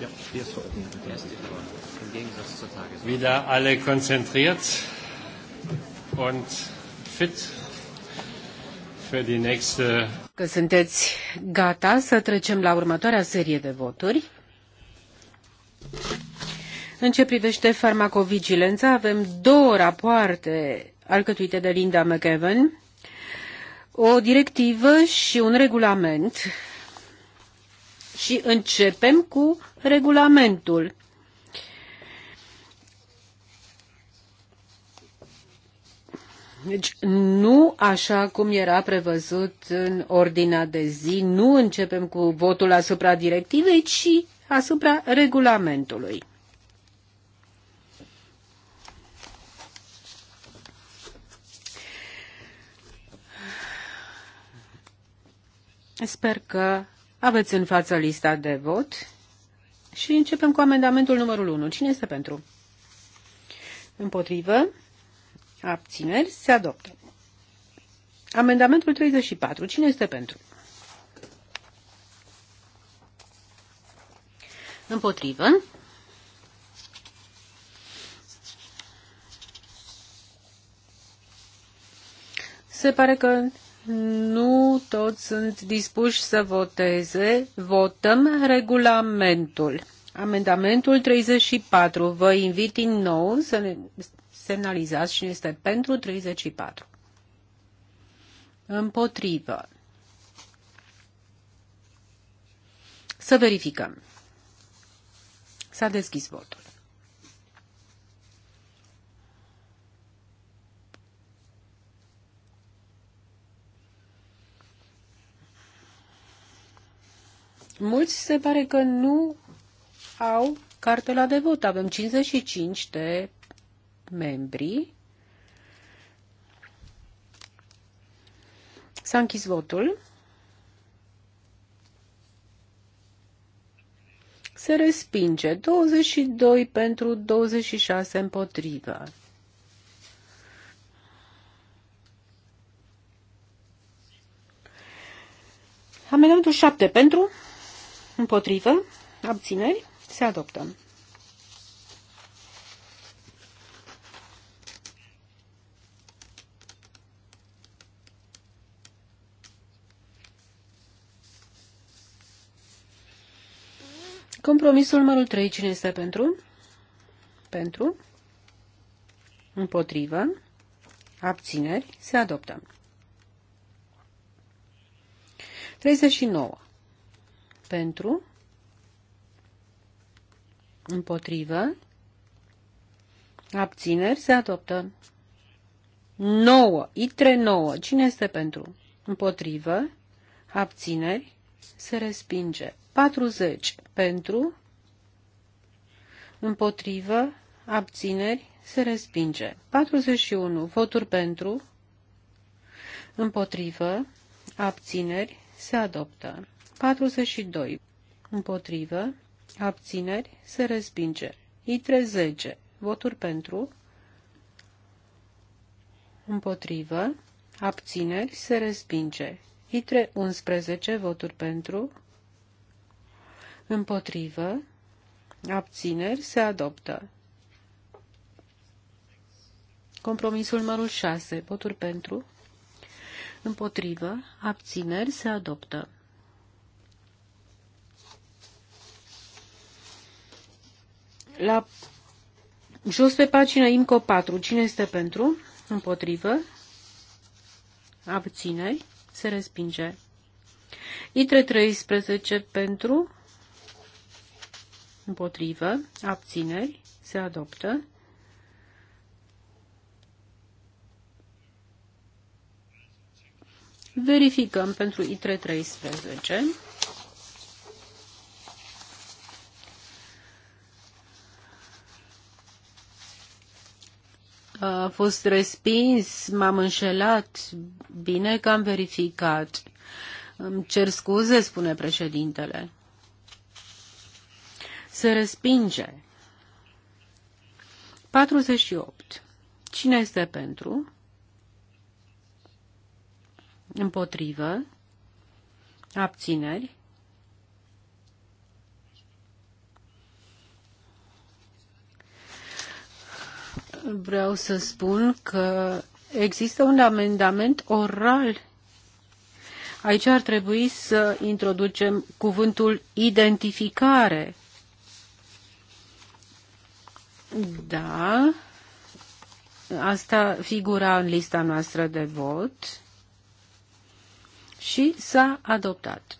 Ja, hier ist vor. Im Gegensatz zur Tagesordnung. Wieder alle konzentriert und fit für die nächste. Că sunteți gata să trecem la următoarea serie de voturi. În ce privește farmacovigilența, avem două rapoarte alcătuite de Linda McEwen, o directivă și un regulament și începem cu regulamentul. Deci nu așa cum era prevăzut în ordinea de zi, nu începem cu votul asupra directivei, ci asupra regulamentului. Sper că aveți în față lista de vot și începem cu amendamentul numărul 1. Cine este pentru? Împotrivă. Abțineri. Se adoptă. Amendamentul 34. Cine este pentru? Împotrivă. Se pare că nu toți sunt dispuși să voteze. Votăm regulamentul. Amendamentul 34. Vă invit din nou să ne semnalizați cine este pentru 34. Împotrivă. Să verificăm. S-a deschis votul. mulți se pare că nu au cartela de vot. Avem 55 de membri. S-a închis votul. Se respinge 22 pentru 26 împotrivă. Amendamentul 7 pentru Împotrivă. Abțineri. Se adoptă. Compromisul numărul 3, cine este pentru? Pentru. Împotrivă. Abțineri. Se adoptă. 39 pentru, împotrivă, abțineri, se adoptă. 9, itre 9, cine este pentru, împotrivă, abțineri, se respinge. 40 pentru, împotrivă, abțineri, se respinge. 41 voturi pentru, împotrivă, abțineri, se adoptă. 42. Împotrivă. Abțineri. Se respinge. I30. Voturi pentru. Împotrivă. Abțineri. Se respinge. ITRE 11 voturi pentru, împotrivă, abțineri, se adoptă. Compromisul numărul 6, voturi pentru, împotrivă, abțineri, se adoptă. La jos pe pagina IMCO 4, cine este pentru? Împotrivă? Abțineri? Se respinge. ITRE 13 pentru? Împotrivă? Abțineri? Se adoptă. Verificăm pentru ITRE 13. a fost respins, m-am înșelat, bine că am verificat. Îmi cer scuze, spune președintele. Se respinge. 48. Cine este pentru? Împotrivă. Abțineri. vreau să spun că există un amendament oral. Aici ar trebui să introducem cuvântul identificare. Da, asta figura în lista noastră de vot și s-a adoptat.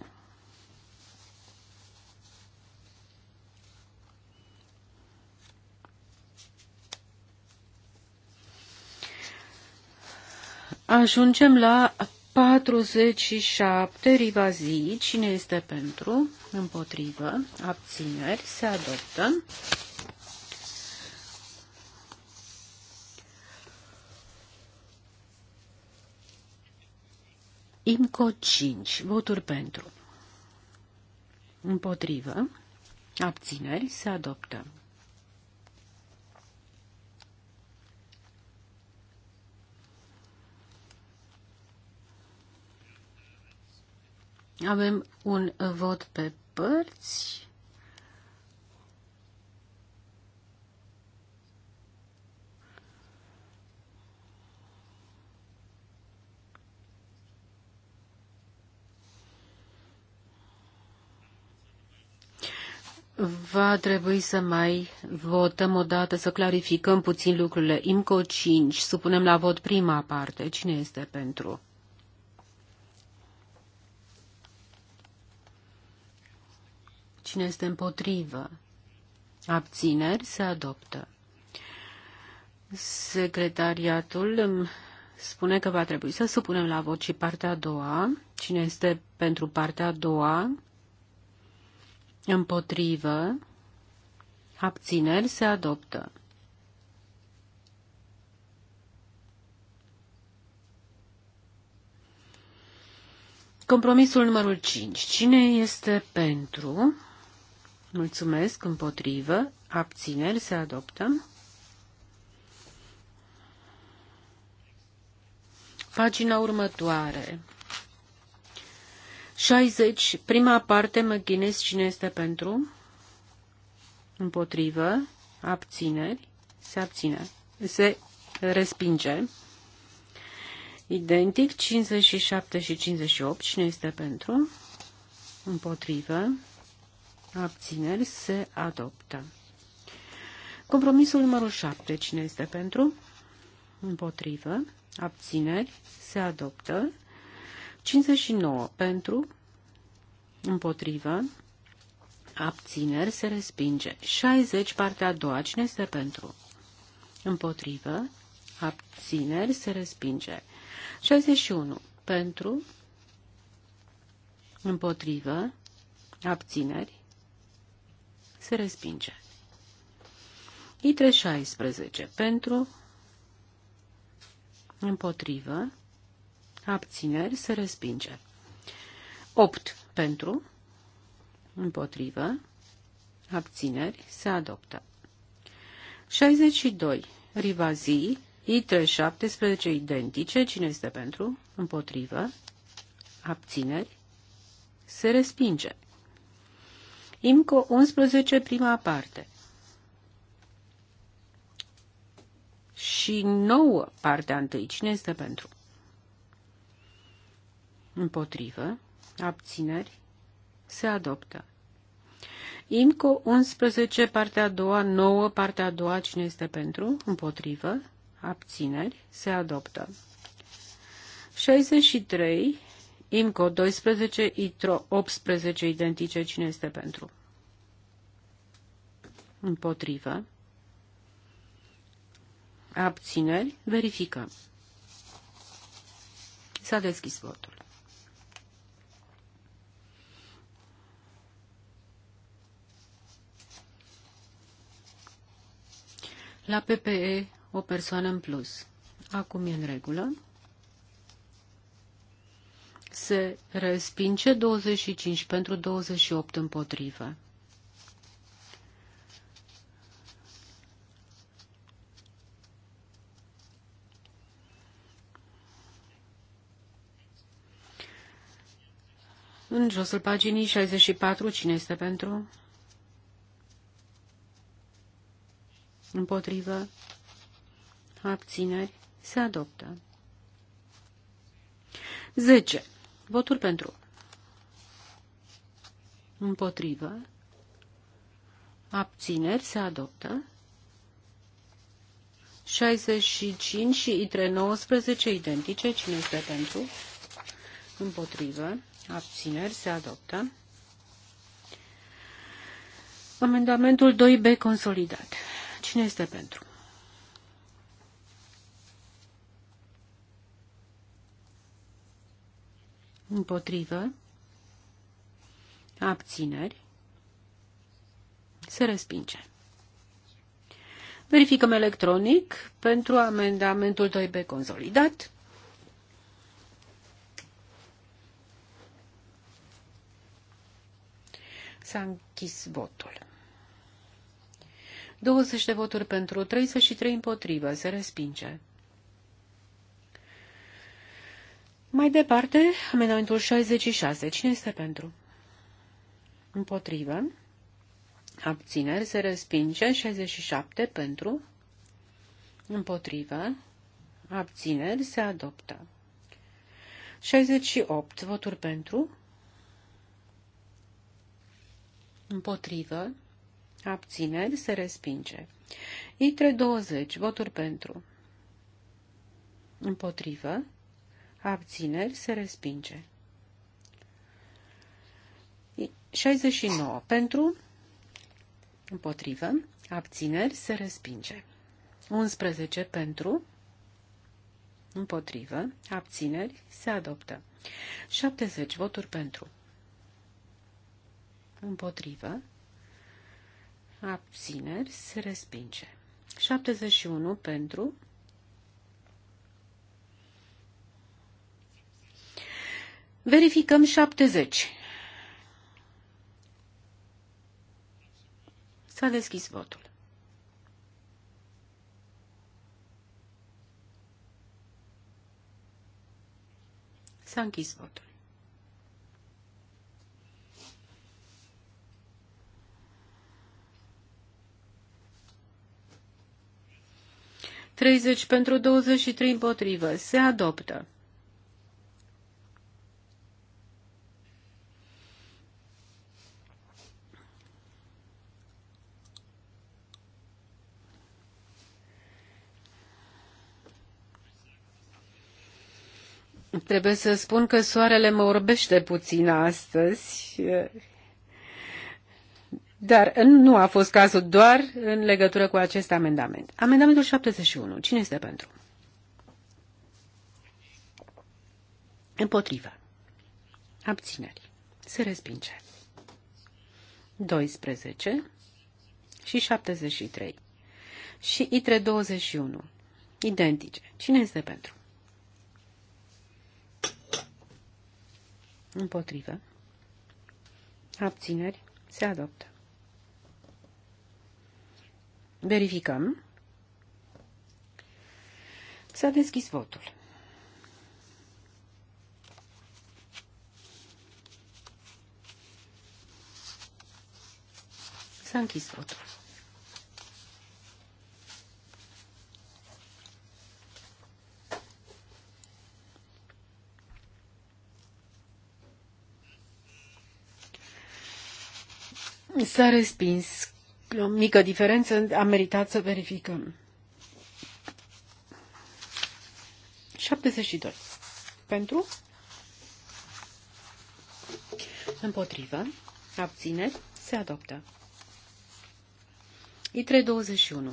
Ajungem la 47, rivazi, cine este pentru, împotrivă, abțineri, se adoptă. IMCO 5, voturi pentru, împotrivă, abțineri, se adoptă. Avem un vot pe părți. Va trebui să mai votăm o dată, să clarificăm puțin lucrurile. IMCO 5, supunem la vot prima parte. Cine este pentru? Cine este împotrivă? Abțineri se adoptă. Secretariatul îmi spune că va trebui să supunem la vot și partea a doua. Cine este pentru partea a doua? Împotrivă. Abțineri se adoptă. Compromisul numărul 5. Cine este pentru? Mulțumesc, împotrivă, abțineri, se adoptă. Pagina următoare. 60. Prima parte, mă ghinesc cine este pentru. Împotrivă, abțineri, se abține, se respinge. Identic, 57 și 58, cine este pentru? Împotrivă, abțineri se adoptă. Compromisul numărul 7. Cine este pentru? Împotrivă. Abțineri se adoptă. 59 pentru. Împotrivă. Abțineri se respinge. 60 partea a doua. Cine este pentru? Împotrivă. Abțineri se respinge. 61 pentru. Împotrivă. Abțineri se respinge. i 16 pentru, împotrivă, abțineri, se respinge. 8 pentru, împotrivă, abțineri, se adoptă. 62. Rivazii, i 17 identice, cine este pentru, împotrivă, abțineri, se respinge. IMCO 11, prima parte. Și nouă, partea întâi. Cine este pentru? Împotrivă. Abțineri. Se adoptă. IMCO 11, partea a doua, nouă, partea a doua, cine este pentru? Împotrivă. Abțineri. Se adoptă. 63 IMCO 12, ITRO 18 identice. Cine este pentru? Împotrivă. Abțineri. Verificăm. S-a deschis votul. La PPE, o persoană în plus. Acum e în regulă se respinge 25 pentru 28 împotrivă. În josul paginii 64, cine este pentru? Împotrivă. Abțineri. Se adoptă. 10. Voturi pentru. Împotrivă. Abțineri se adoptă. 65 și ITRE 19 identice. Cine este pentru? Împotrivă. Abțineri se adoptă. Amendamentul 2B consolidat. Cine este pentru? împotrivă, abțineri, se respinge. Verificăm electronic pentru amendamentul 2B consolidat. S-a închis votul. 20 de voturi pentru, 33 împotrivă, se respinge. Mai departe, amendamentul 66. Cine este pentru? Împotrivă. Abțineri se respinge. 67 pentru. Împotrivă. Abțineri se adoptă. 68 voturi pentru. Împotrivă. Abțineri se respinge. Itre 20 voturi pentru. Împotrivă abțineri, se respinge. 69. Pentru, împotrivă, abțineri, se respinge. 11. Pentru, împotrivă, abțineri, se adoptă. 70. Voturi pentru, împotrivă, abțineri, se respinge. 71. Pentru, Verificăm 70. S-a deschis votul. S-a închis votul. Treizeci pentru douăzeci și trei împotrivă. Se adoptă. Trebuie să spun că soarele mă orbește puțin astăzi, dar nu a fost cazul doar în legătură cu acest amendament. Amendamentul 71. Cine este pentru? Împotriva. Abțineri. Se respinge. 12 și 73 și ITRE 21. Identice. Cine este pentru? Împotrivă. Abțineri. Se adoptă. Verificăm. S-a deschis votul. S-a închis votul. S-a respins. O mică diferență a meritat să verificăm. 72. Pentru? Împotrivă. abține, Se adoptă. I321.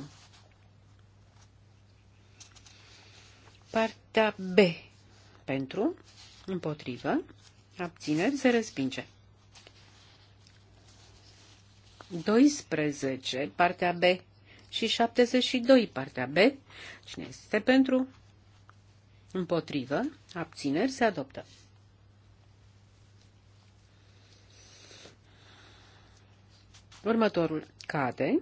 Partea B. Pentru? Împotrivă. Abțineri. Se respinge. 12, partea B și 72, partea B. Cine este pentru? Împotrivă. Abțineri se adoptă. Următorul cade.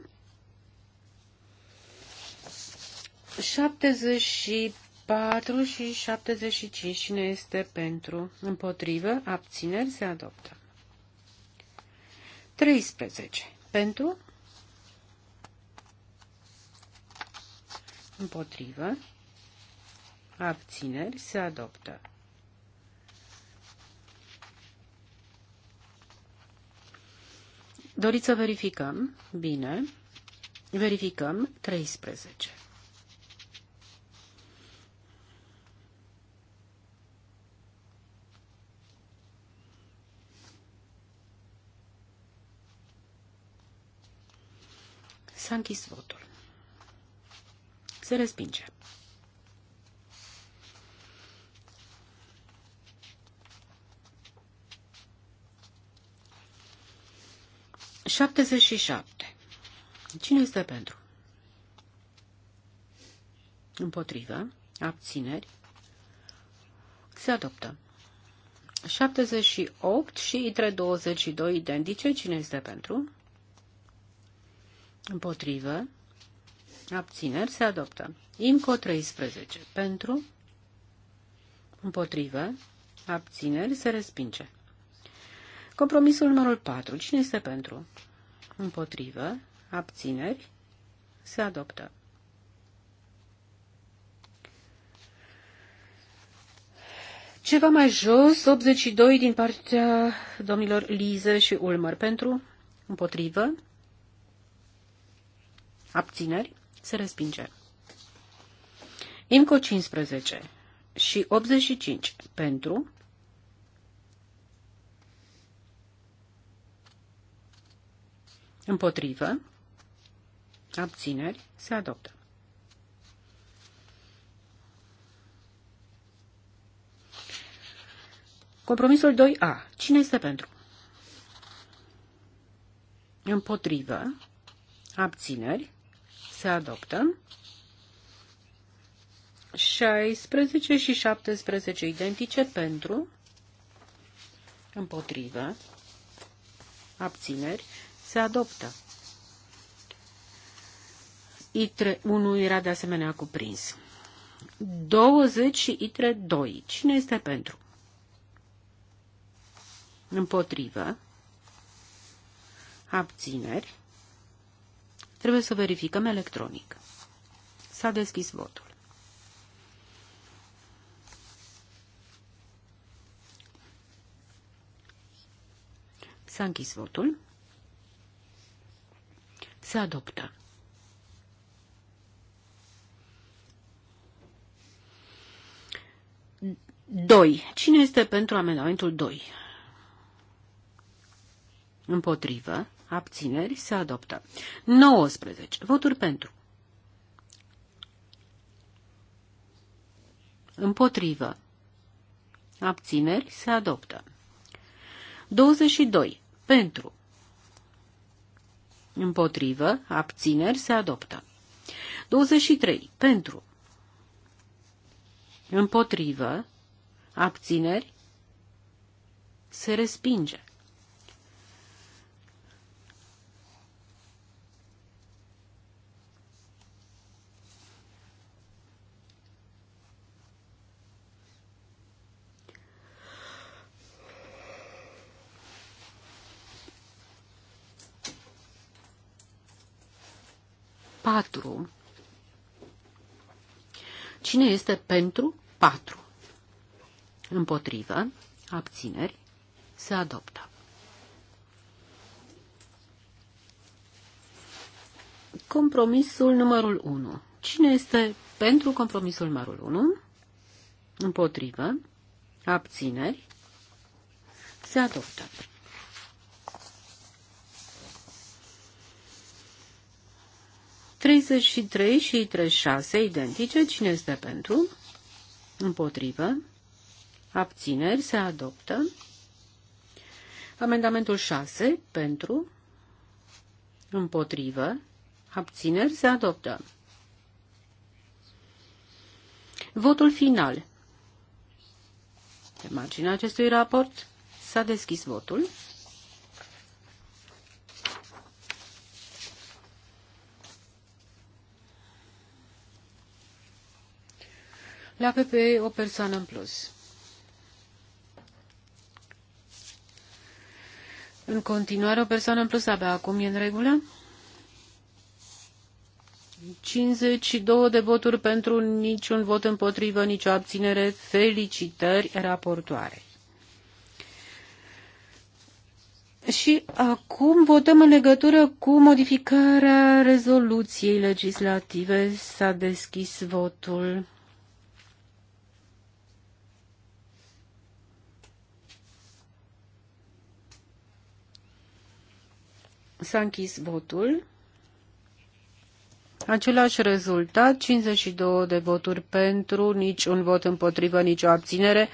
74 și 75. Cine este pentru? Împotrivă. Abțineri se adoptă. 13 pentru, împotrivă, abțineri, se adoptă. Doriți să verificăm? Bine. Verificăm 13. S-a închis votul. Se respinge. Șaptezeci și șapte. Cine este pentru? Împotrivă. Abțineri. Se adoptă. 78 și între 22 identice. Cine este pentru? Împotrivă. Abțineri se adoptă. IMCO 13. Pentru. Împotrivă. Abțineri se respinge. Compromisul numărul 4. Cine este pentru? Împotrivă. Abțineri se adoptă. Ceva mai jos, 82 din partea domnilor Lize și Ulmer pentru, împotrivă, Abțineri? Se respinge. IMCO 15 și 85 pentru. Împotrivă. Abțineri. Se adoptă. Compromisul 2A. Cine este pentru? Împotrivă. Abțineri se adoptă. 16 și 17 identice pentru, împotrivă, abțineri, se adoptă. ITRE 1 era de asemenea cuprins. 20 și ITRE 2. Cine este pentru? Împotrivă. Abțineri. Trebuie să verificăm electronic. S-a deschis votul. S-a închis votul. Se adoptă. Doi. Cine este pentru amendamentul 2? Împotrivă abțineri, se adoptă. 19. Voturi pentru. Împotrivă. Abțineri, se adoptă. 22. Pentru. Împotrivă, abțineri, se adoptă. 23. Pentru. Împotrivă, abțineri, se respinge. 4. Cine este pentru 4? Împotrivă, abțineri, se adoptă. Compromisul numărul 1. Cine este pentru compromisul numărul 1? Împotrivă, abțineri, se adoptă. 33 și 36 identice. Cine este pentru? Împotrivă. Abțineri se adoptă. Amendamentul 6 pentru. Împotrivă. Abțineri se adoptă. Votul final. Pe marginea acestui raport s-a deschis votul. La PPE o persoană în plus. În continuare, o persoană în plus abia acum e în regulă? 52 de voturi pentru, niciun vot împotrivă, nicio abținere. Felicitări raportoare. Și acum votăm în legătură cu modificarea rezoluției legislative. S-a deschis votul. S-a închis votul. Același rezultat, 52 de voturi pentru, nici un vot împotrivă, nici o abținere.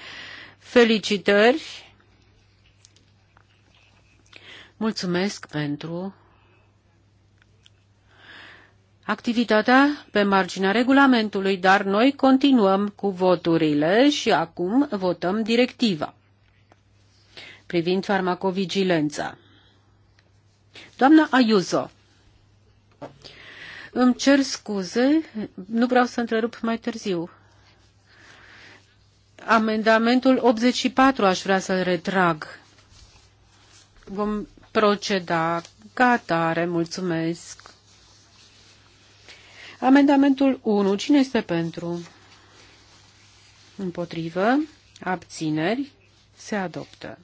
Felicitări! Mulțumesc pentru activitatea pe marginea regulamentului, dar noi continuăm cu voturile și acum votăm directiva privind farmacovigilența. Doamna Ayuso, îmi cer scuze, nu vreau să întrerup mai târziu. Amendamentul 84 aș vrea să-l retrag. Vom proceda Gata. are, mulțumesc. Amendamentul 1. Cine este pentru? Împotrivă. Abțineri. Se adoptă.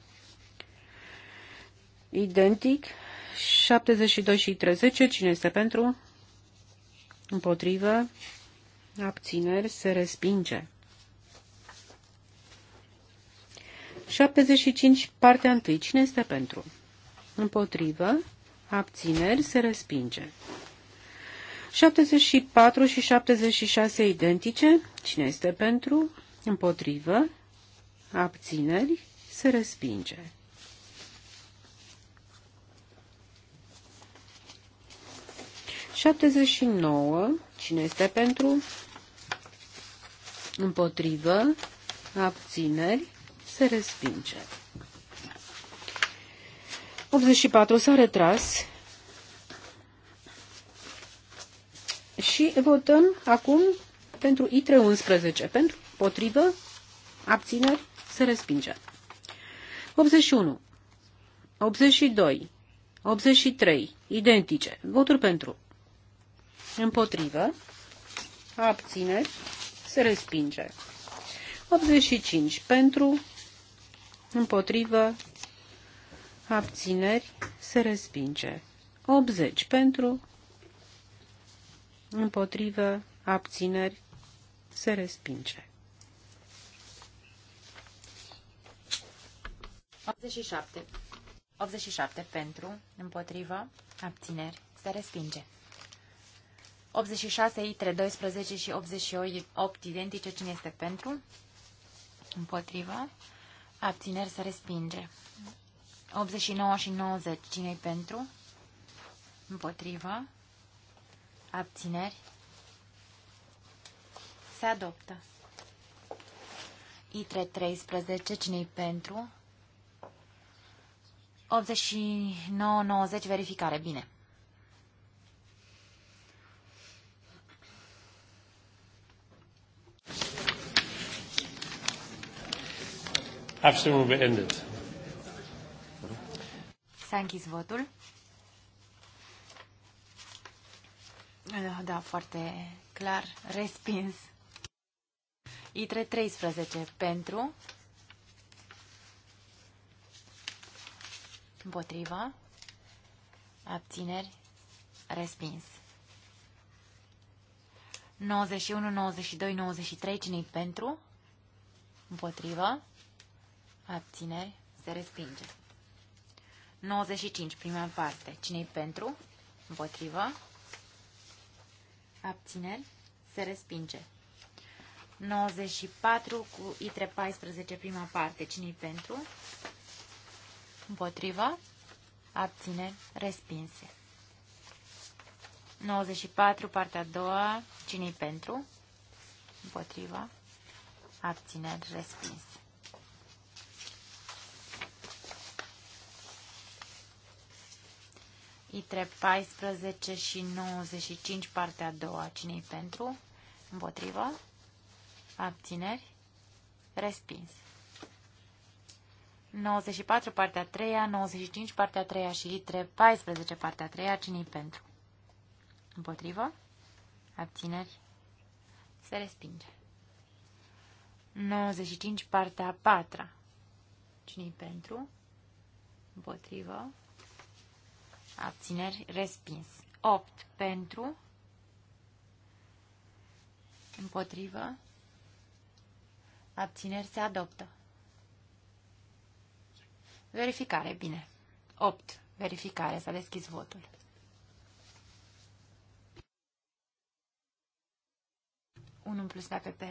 Identic 72 și 30. Cine este pentru? Împotrivă. Abțineri. Se respinge. 75. Partea 1. Cine este pentru? Împotrivă. Abțineri. Se respinge. 74 și 76 identice. Cine este pentru? Împotrivă. Abțineri. Se respinge. 79. Cine este pentru? Împotrivă. Abțineri. Se respinge. 84 s-a retras. Și votăm acum pentru I311. Pentru, potrivă, abțineri, se respinge. 81, 82, 83, identice. Voturi pentru, Împotrivă. Abține. Se respinge. 85 pentru. Împotrivă. Abțineri. Se respinge. 80 pentru. Împotrivă. Abțineri. Se respinge. 87. 87 pentru, împotrivă, abțineri, se respinge. 86, ITRE 12 și 88 identice. Cine este pentru? Împotriva. Abțineri să respinge. 89 și 90. Cine-i pentru? Împotriva. Abțineri. Se adoptă. ITRE 13. Cine-i pentru? 89-90. Verificare. Bine. Abstimmung beendet. S-a închis votul. Da, foarte clar, respins. ITRE 13 pentru, împotriva, abțineri, respins. 91, 92, 93, cine pentru? Împotrivă. Abțineri. Se respinge. 95. Prima parte. Cine-i pentru? Împotrivă. Abțineri. Se respinge. 94 cu ITRE 14, prima parte. Cine-i pentru? Împotrivă. Abțineri. Respinse. 94, partea a doua. Cine-i pentru? Împotrivă. Abțineri. Respins. Între 14 și 95, partea a doua. cine pentru? Împotrivă? Abțineri? Respins. 94, partea a treia, 95, partea a treia și între 14, partea a treia. cine pentru? Împotrivă? Abțineri? Se respinge. 95, partea a patra. cine pentru? Împotrivă? abțineri, respins. 8 pentru, împotrivă, abțineri, se adoptă. Verificare, bine. 8. Verificare, s-a deschis votul. Unul plus la PP.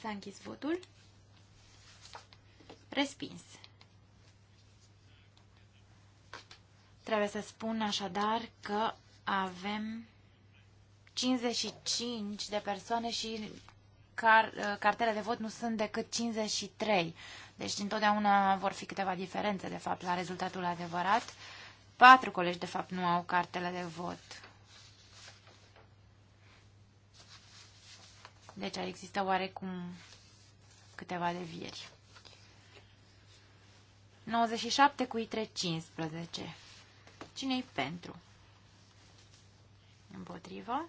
S-a închis votul. Respins. Trebuie să spun așadar că avem 55 de persoane și car, uh, cartele de vot nu sunt decât 53. Deci întotdeauna vor fi câteva diferențe, de fapt, la rezultatul adevărat. Patru colegi, de fapt, nu au cartele de vot. Deci există oarecum câteva devieri. 97 cu 3, 15. Cine-i pentru? Împotrivă.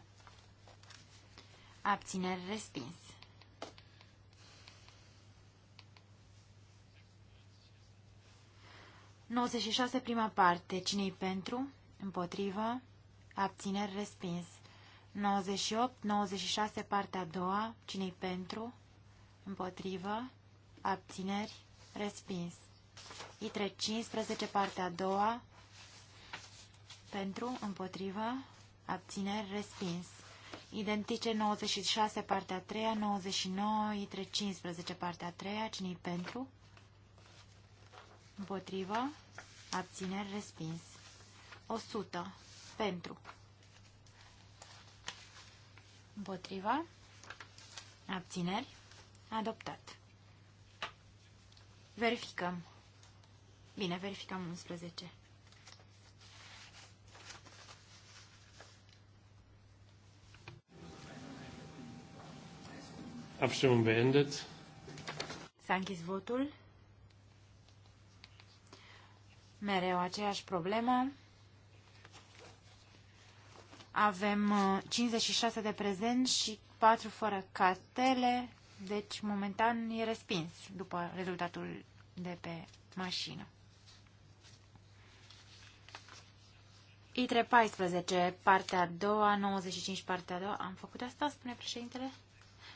Abțineri respins. Nouăzeci șase prima parte. Cine-i pentru? Împotrivă. Abțineri respins. 98, 96 partea a doua. Cine-i pentru? Împotrivă. Abțineri respins. I3 15 partea a doua pentru, împotriva, abțineri, respins. Identice 96, partea 3, 99, între 15, partea 3, cine pentru, împotriva, abțineri, respins. 100, pentru, împotriva, abțineri, adoptat. Verificăm. Bine, verificăm 11. Abstimmung beendet. S-a închis votul. Mereu aceeași problemă. Avem 56 uh, de prezenți și 4 fără cartele, deci momentan e respins după rezultatul de pe mașină. ITRE 14, partea a doua, 95 partea a doua. Am făcut asta, spune președintele?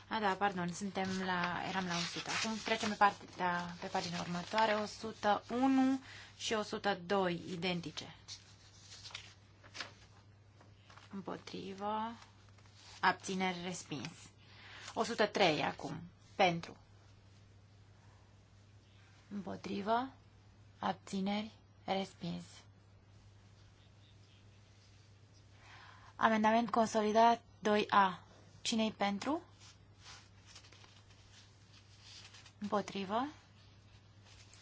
A, da, pardon, suntem la, eram la 100. Acum trecem pe, partea, pe pagina următoare, 101 și 102, identice. Împotrivă, abțineri, respins. 103 acum, pentru. Împotrivă, abțineri, respins. Amendament consolidat 2A. Cine-i pentru? Împotrivă.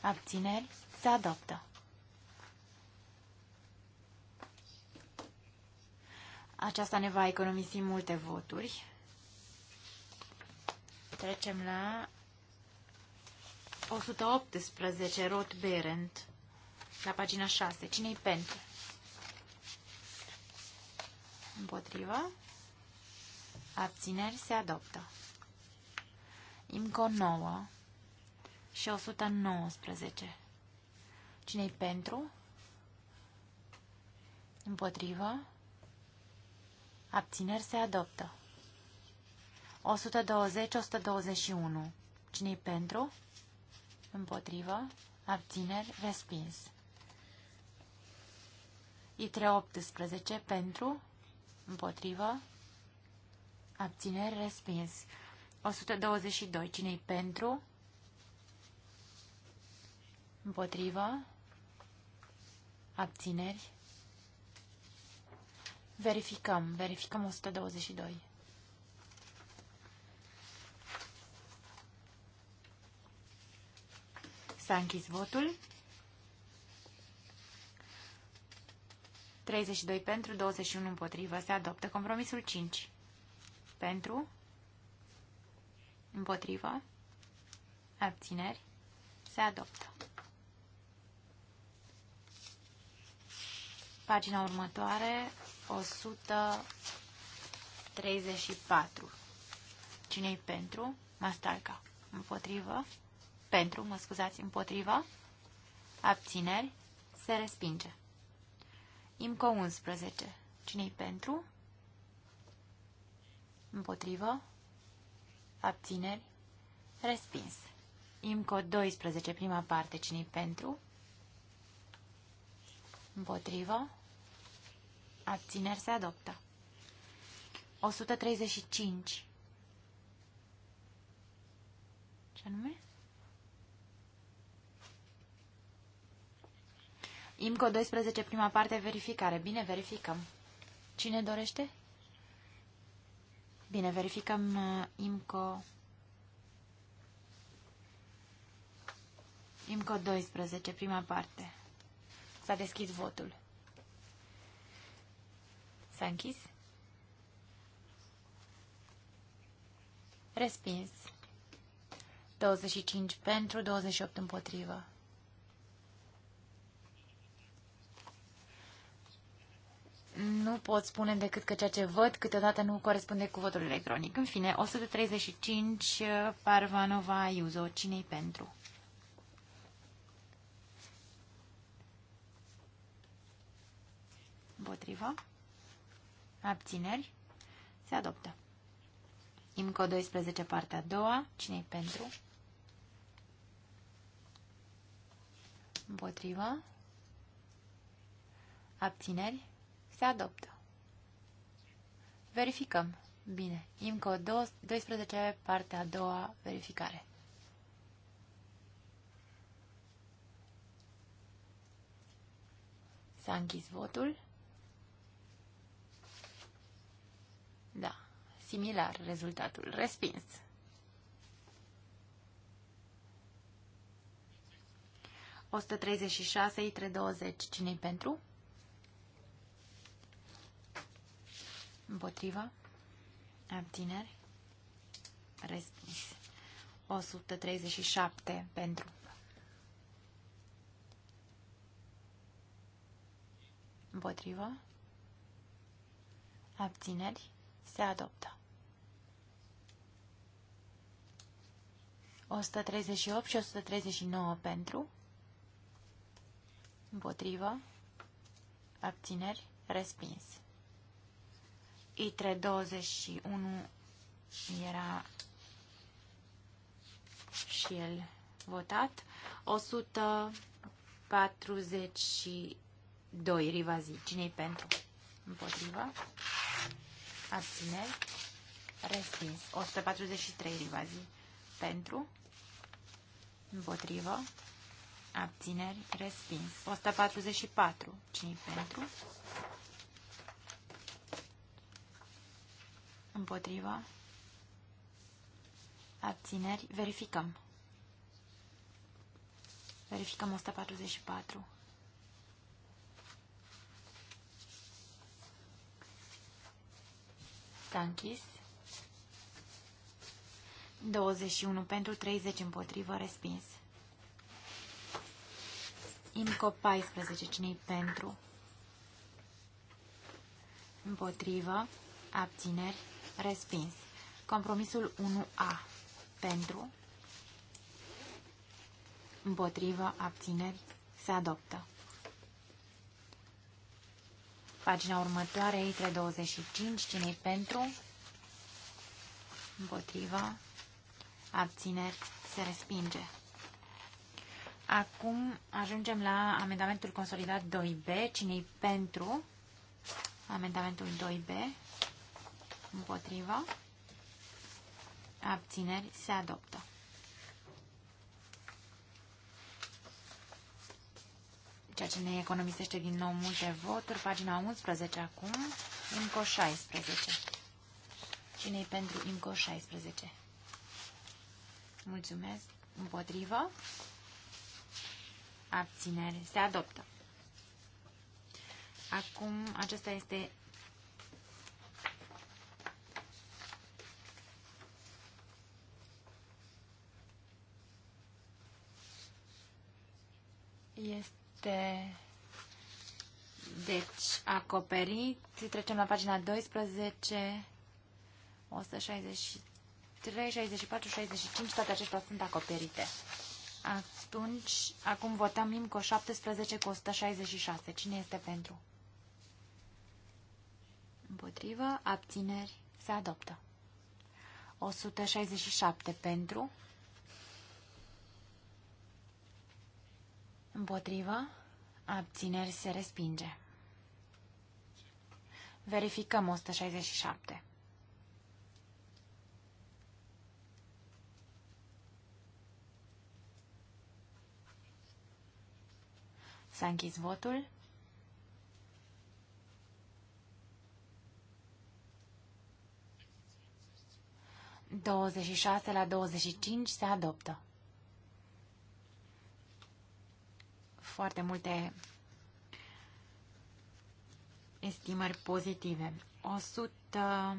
Abțineri. Se adoptă. Aceasta ne va economisi multe voturi. Trecem la 118, Rot Berend, la pagina 6. Cine-i pentru? Împotriva. Abțineri se adoptă. IMCO 9 și 119. Cine-i pentru? Împotrivă? Abțineri se adoptă. 120-121. Cine-i pentru? Împotrivă? Abțineri respins. I 318 pentru? Împotrivă? Abțineri respins. 122. Cine-i pentru? Împotrivă. Abțineri. Verificăm. Verificăm 122. S-a închis votul. 32 pentru, 21 împotrivă. Se adoptă compromisul 5. Pentru. Împotrivă. Abțineri. Se adoptă. Pagina următoare, 134. Cine-i pentru? Mastalca. Împotrivă. Pentru, mă scuzați, împotrivă. Abțineri. Se respinge. Imco 11. Cine-i pentru? Împotrivă. Abțineri. Respins. Imco 12, prima parte. Cine-i pentru? Împotrivă. Abțineri se adoptă. 135. Ce nume? IMCO 12, prima parte, verificare. Bine, verificăm. Cine dorește? Bine, verificăm uh, IMCO... IMCO 12, prima parte. S-a deschis votul. S-a închis. Respins. 25 pentru, 28 împotrivă. Nu pot spune decât că ceea ce văd câteodată nu corespunde cu votul electronic. În fine, 135 Parvanova Iuzo. cine pentru? Împotrivă. Abțineri. Se adoptă. IMCO 12, partea a doua. cine pentru? Împotrivă. Abțineri. Se adoptă. Verificăm. Bine. IMCO 12, partea a doua, verificare. S-a închis votul. Da, similar rezultatul. Respins. O 136, itre Cine-i pentru? Împotriva. Abțineri. Respins. 137 pentru. Împotriva. Abțineri. Se adoptă. 138 și 139 pentru. Împotrivă. Abțineri. Respins. i 321 21 era și el votat. 142 rivazi. Cine-i pentru? Împotrivă abțineri, respins. 143 rivazi pentru, împotrivă, abțineri, respins. 144, 5 pentru, împotrivă, abțineri, verificăm. Verificăm 144. S-a închis. 21 pentru 30 împotrivă, respins. Imco 14, cine pentru? Împotrivă, abțineri, respins. Compromisul 1A, pentru? Împotrivă, abțineri, se adoptă. Pagina următoare, ITRE 25, cine pentru? Împotrivă. Abțineri. Se respinge. Acum ajungem la amendamentul consolidat 2B. cine pentru? Amendamentul 2B. Împotrivă. Abțineri. Se adoptă. ceea ce ne economisește din nou multe voturi. Pagina 11 acum, IMCO 16. cine e pentru IMCO 16? Mulțumesc. Împotrivă. Abținere. Se adoptă. Acum, acesta este este este deci acoperit. Trecem la pagina 12, 163, 64, 65, toate acestea sunt acoperite. Atunci, acum votăm IMCO 17 cu 166. Cine este pentru? Împotrivă, abțineri, se adoptă. 167 pentru, Împotriva, Abțineri se respinge. Verificăm 167. S-a închis votul. Douăzeci și șase la douăzeci și cinci se adoptă. foarte multe estimări pozitive. 100...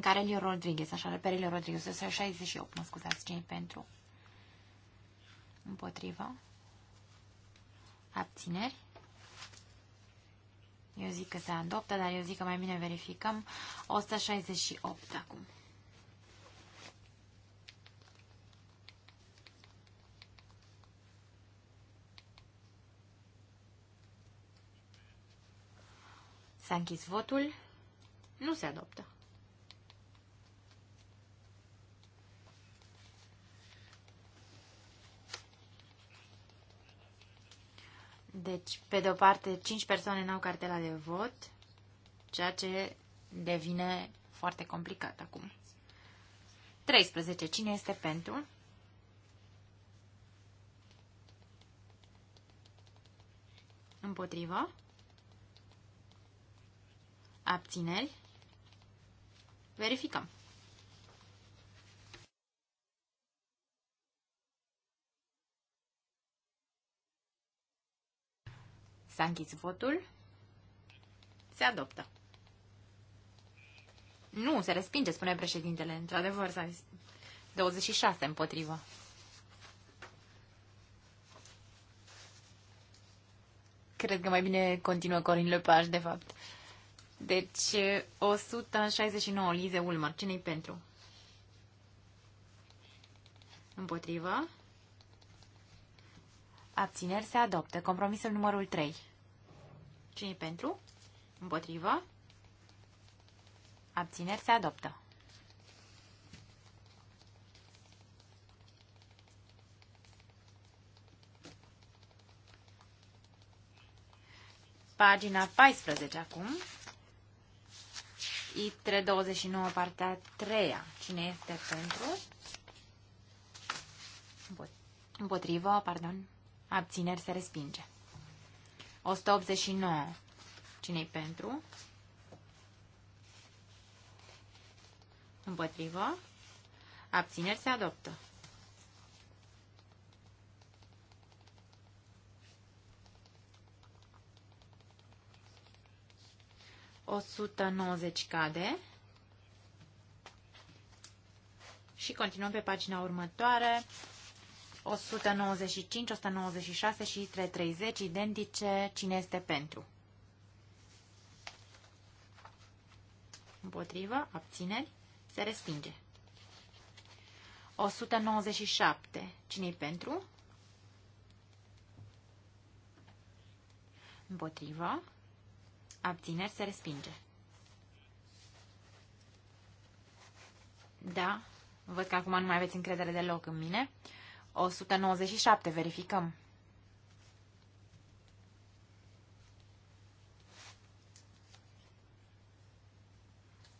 Garelio Rodriguez, așa, Perelio Rodriguez, 168, mă scuzați, cei pentru? Împotriva. Abțineri. Eu zic că se adoptă, dar eu zic că mai bine verificăm. 168 acum. S-a închis votul. Nu se adoptă. Deci, pe de o parte, 5 persoane n-au cartela de vot, ceea ce devine foarte complicat acum. 13. Cine este pentru? Împotrivă? abțineri. Verificăm. S-a închis votul. Se adoptă. Nu, se respinge, spune președintele. Într-adevăr, s-a 26 împotrivă. Cred că mai bine continuă Corin Lepaș, de fapt. Deci, 169, Lize Ulmer. Cine-i pentru? Împotrivă. Abțineri se adoptă. Compromisul numărul 3. Cine-i pentru? Împotrivă. Abțineri se adoptă. Pagina 14 acum. I329, partea a treia. Cine este pentru? Împotrivă, pardon. Abțineri se respinge. 189. Cine-i pentru? Împotrivă. Abțineri se adoptă. 190 cade. Și continuăm pe pagina următoare. 195, 196 și 330 identice. Cine este pentru? Împotrivă, abțineri, se respinge. 197. cine e pentru? Împotrivă, abțineri, se respinge. Da, văd că acum nu mai aveți încredere deloc în mine. 197, verificăm.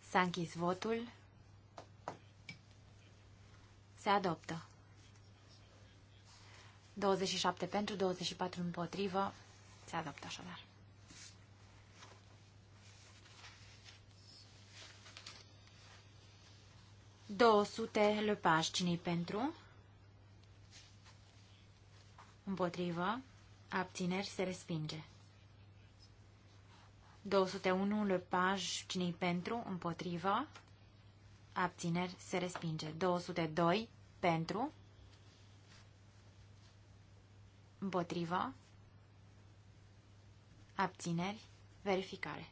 S-a închis votul. Se adoptă. 27 pentru, 24 împotrivă. Se adoptă așadar. 200 lăpași. cine pentru? Împotrivă. Abțineri se respinge. 201 lăpaj. cine pentru? Împotrivă. Abțineri se respinge. 202 pentru. Împotrivă. Abțineri. Verificare.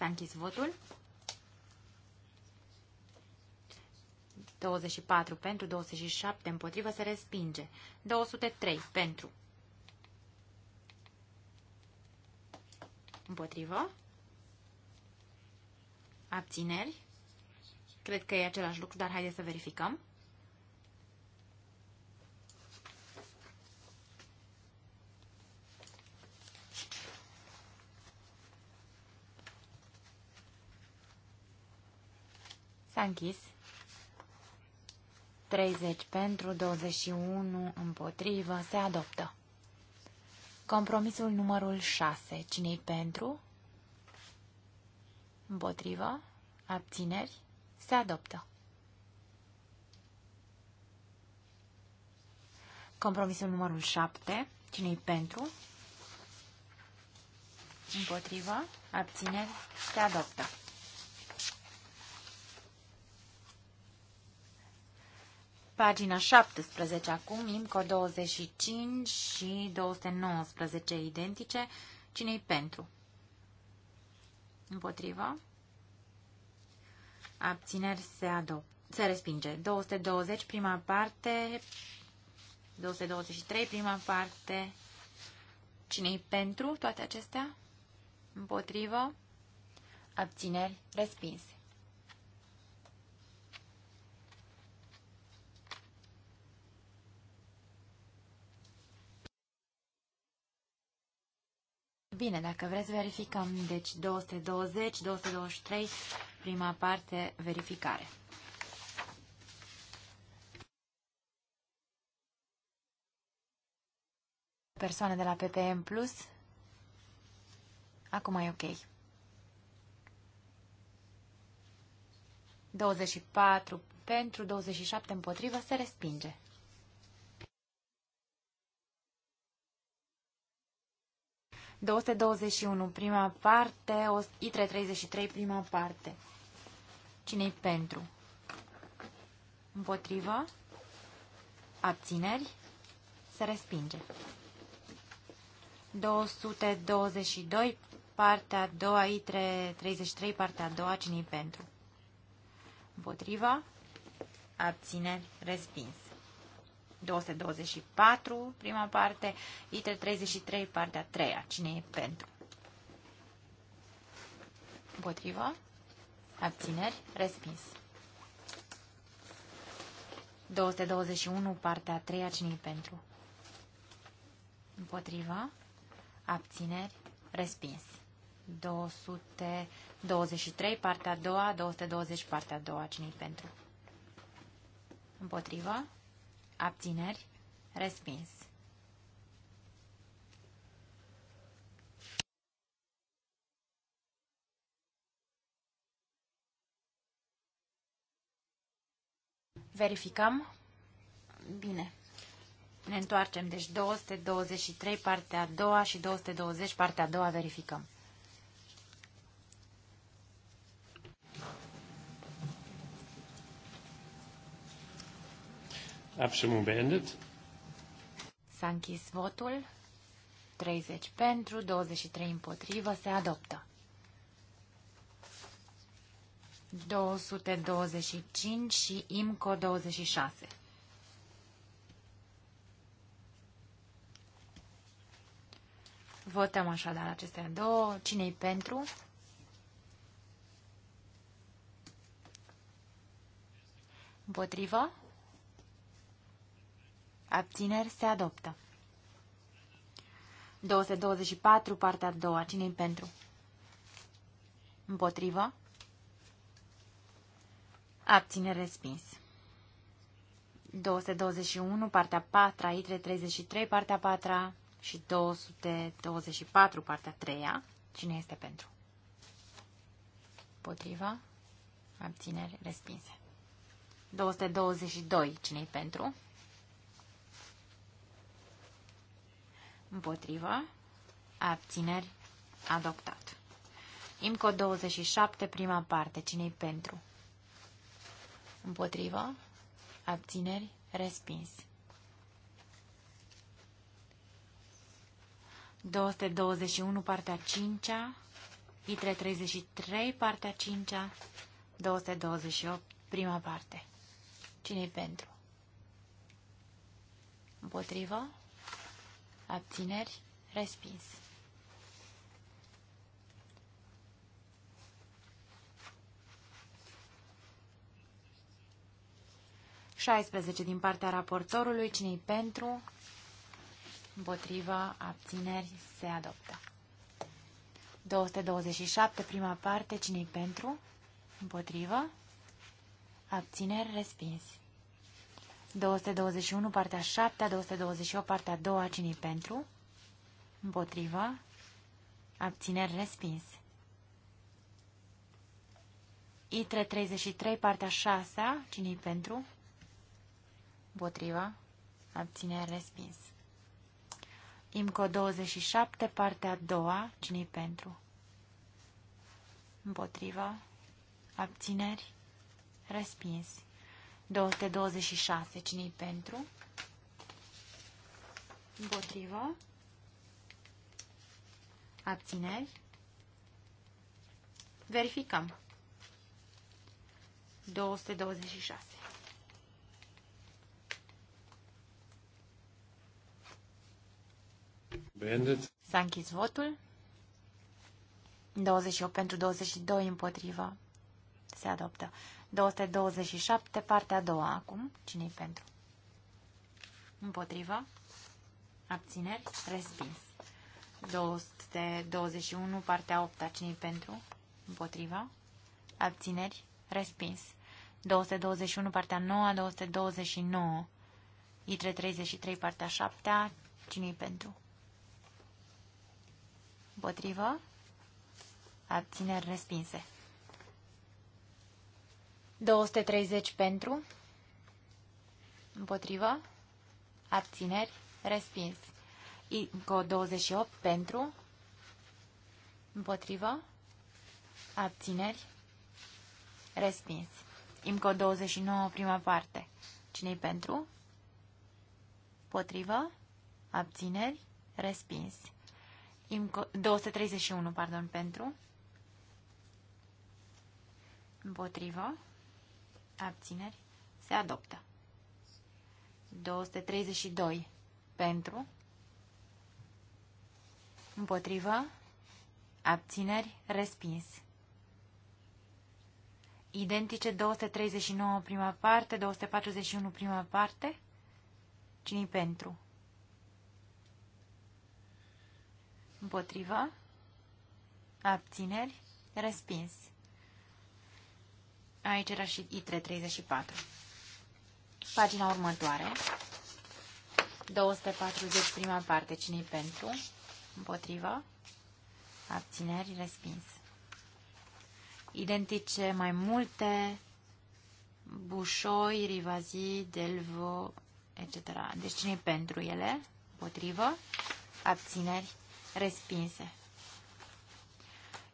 S-a închis votul. 24 pentru, 27 împotrivă, se respinge. 203 pentru. Împotrivă. Abțineri. Cred că e același lucru, dar haideți să verificăm. S-a închis. 30 pentru, 21 împotrivă, se adoptă. Compromisul numărul 6. Cine-i pentru? Împotrivă? Abțineri? Se adoptă. Compromisul numărul 7. Cine-i pentru? Împotrivă? Abțineri? Se adoptă. Pagina 17 acum, IMCO 25 și 219 identice. Cine-i pentru? Împotriva? Abțineri se adoptă. Se respinge. 220 prima parte, 223 prima parte. Cine-i pentru toate acestea? Împotrivă? Abțineri respinse. Bine, dacă vreți, verificăm. Deci 220, 223, prima parte, verificare. Persoane de la PPM Plus. Acum e ok. 24 pentru, 27 împotrivă, se respinge. 221, prima parte, i 33, prima parte. Cine-i pentru? Împotrivă? Abțineri? Se respinge. 222, partea a doua, i 33, partea a doua, cine-i pentru? Împotrivă? Abțineri? Respins. 224, prima parte, IT 33, partea a treia. Cine e pentru? Împotrivă? Abțineri? Respins. 221, partea a treia. Cine e pentru? Împotrivă? Abțineri? Respins. 223, partea a doua, 220, partea a doua, cine e pentru? Împotriva? abțineri, respins. Verificăm. Bine. Ne întoarcem, deci 223 partea a doua și 220 partea a doua verificăm. Abstimmung beendet. S-a închis votul. 30 pentru, 23 împotrivă, se adoptă. 225 și IMCO 26. Votăm așadar acestea două. cine e pentru? Împotrivă? Abțineri se adoptă. 224, partea a doua. cine pentru? Împotrivă? Abține respins. 221, partea 4, I333, partea 4 și 224, partea 3 Cine este pentru? Potriva. Abțineri respinse. 222, cine e pentru? Împotrivă. Abțineri. Adoptat. IMCO 27, prima parte. Cine-i pentru? Împotrivă. Abțineri. Respins. 221, partea 5-a. ITRE 33, partea 5-a. 228, prima parte. Cine-i pentru? Împotrivă? abțineri, respins. Șaisprezece din partea raportorului, cine pentru, împotriva abțineri, se adoptă. 227, prima parte, cine pentru, împotrivă, abțineri, respins. 221, partea 7, 228, partea 2, cine pentru? Împotriva. Abțineri respins. I333, partea 6, cine pentru? Împotriva. Abțineri respins. IMCO 27, partea 2, cine pentru? Împotriva. Abțineri respins. 226. cine pentru? Împotrivă. Abțineri. Verificăm. 226. Bandit. S-a închis votul. 28 pentru 22 împotrivă. Se adoptă. 227, partea a doua acum. cine pentru? împotriva Abțineri. Respins. 221, partea 8 a cine pentru? împotriva Abțineri. Respins. 221, partea 9, 229. ITRE 33, partea 7 cine pentru? Împotrivă. Abțineri respinse. 230 pentru, împotrivă, abțineri, respins. ICO 28 pentru, împotrivă, abțineri, respins. IMCO 29, prima parte. Cine-i pentru? Potrivă? Abțineri? Respins. IMCO 231, pardon, pentru? Împotrivă? abțineri, se adoptă. 232 pentru, împotrivă, abțineri, respins. Identice 239 prima parte, 241 prima parte, cine pentru? Împotrivă, abțineri, respins. Aici era și ITRE 34. Pagina următoare. 240, prima parte. cine pentru? Împotrivă? Abțineri? Respins. Identice mai multe. Bușoi, Rivazi, Delvo, etc. Deci cine pentru ele? Împotrivă? Abțineri? Respinse.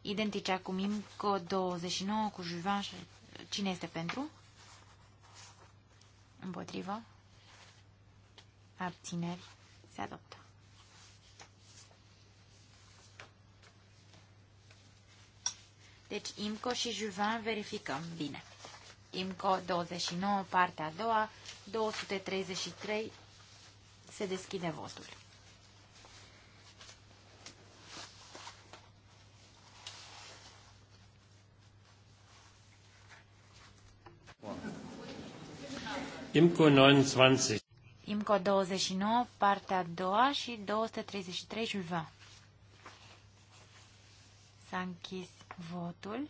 Identice acum IMCO 29 cu Juvan și Cine este pentru? Împotrivă? Abțineri? Se adoptă. Deci IMCO și Juvin verificăm. Bine. IMCO 29, partea a doua, 233, se deschide votul. IMCO 29. IMCO 29, partea a doua și 233 Juva. S-a închis votul.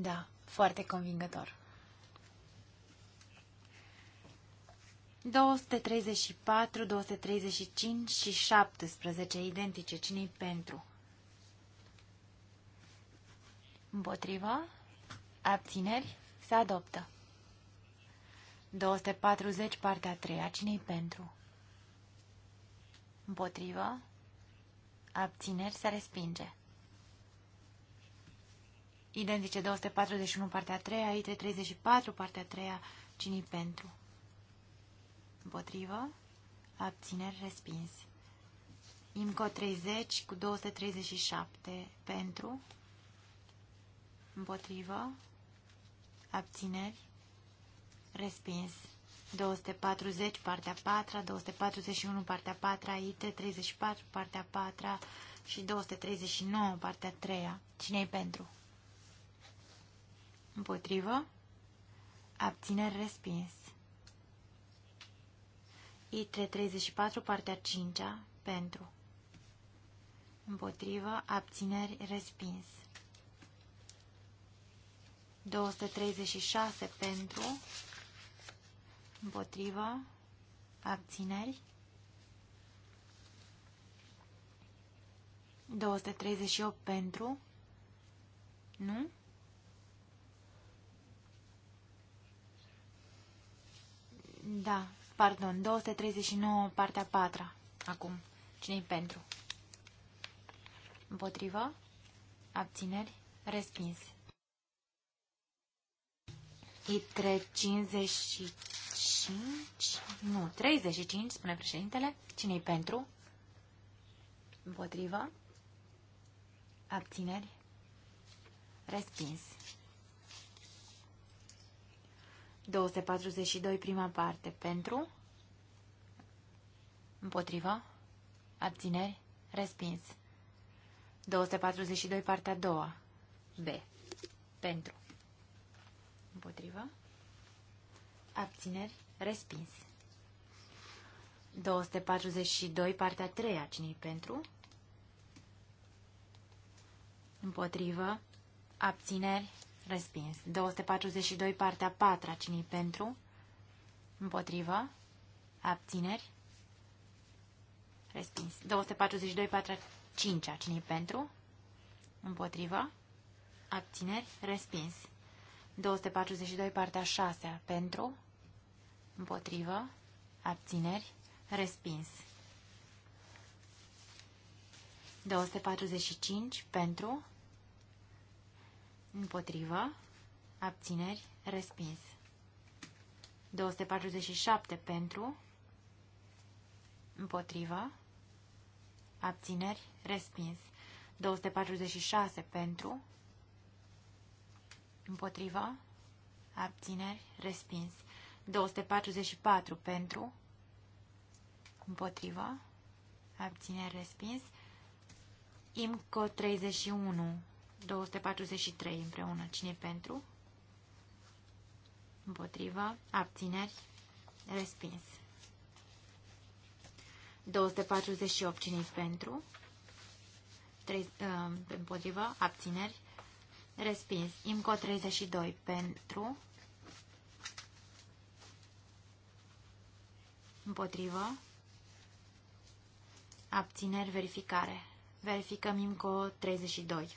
Da, foarte convingător. 234, 235 și 17 identice. cine pentru? Împotriva? Abțineri? Se adoptă. 240, partea a treia. cine pentru? Împotriva? Abțineri? Se respinge. Identice 241, partea a treia, 34 partea a treia. cine pentru? Împotrivă. Abțineri respins. IMCO 30 cu 237 pentru. Împotrivă. Abțineri. Respins. 240 partea 4, 241 partea 4, IT 34 partea 4 și 239 partea 3. Cine-i pentru? Împotrivă. Abțineri respins. I334, partea 5 pentru. Împotrivă, abțineri, respins. 236 pentru, împotrivă, abțineri. 238 pentru, nu? Da, Pardon, 239, partea 4 acum. Cine-i pentru? Împotrivă? Abțineri? Respins. I3 55? Nu, 35, spune președintele. Cine-i pentru? Împotrivă? Abțineri? Respins. 242, prima parte, pentru, împotriva, abțineri, respins. 242, partea a doua, B, pentru, împotriva, abțineri, respins. 242, partea a treia, cine pentru? împotriva, abțineri, Respins. 242, partea 4 cinei pentru? Împotrivă. Abțineri. Respins. 242, partea 5 cinei pentru? Împotrivă. Abțineri. Respins. 242, partea 6 pentru? Împotrivă. Abțineri. Respins. 245 pentru, Împotrivă. Abțineri. Respins. 247 pentru. Împotrivă. Abțineri. Respins. 246 pentru. Împotrivă. Abțineri. Respins. 244 pentru. Împotrivă. Abțineri. Respins. IMCO 31 243 împreună. cine pentru? Împotriva. Abțineri. Respins. 248 cine pentru? 3, uh, împotriva. Abțineri. Respins. IMCO 32 pentru. Împotrivă. Abțineri verificare. Verificăm IMCO 32.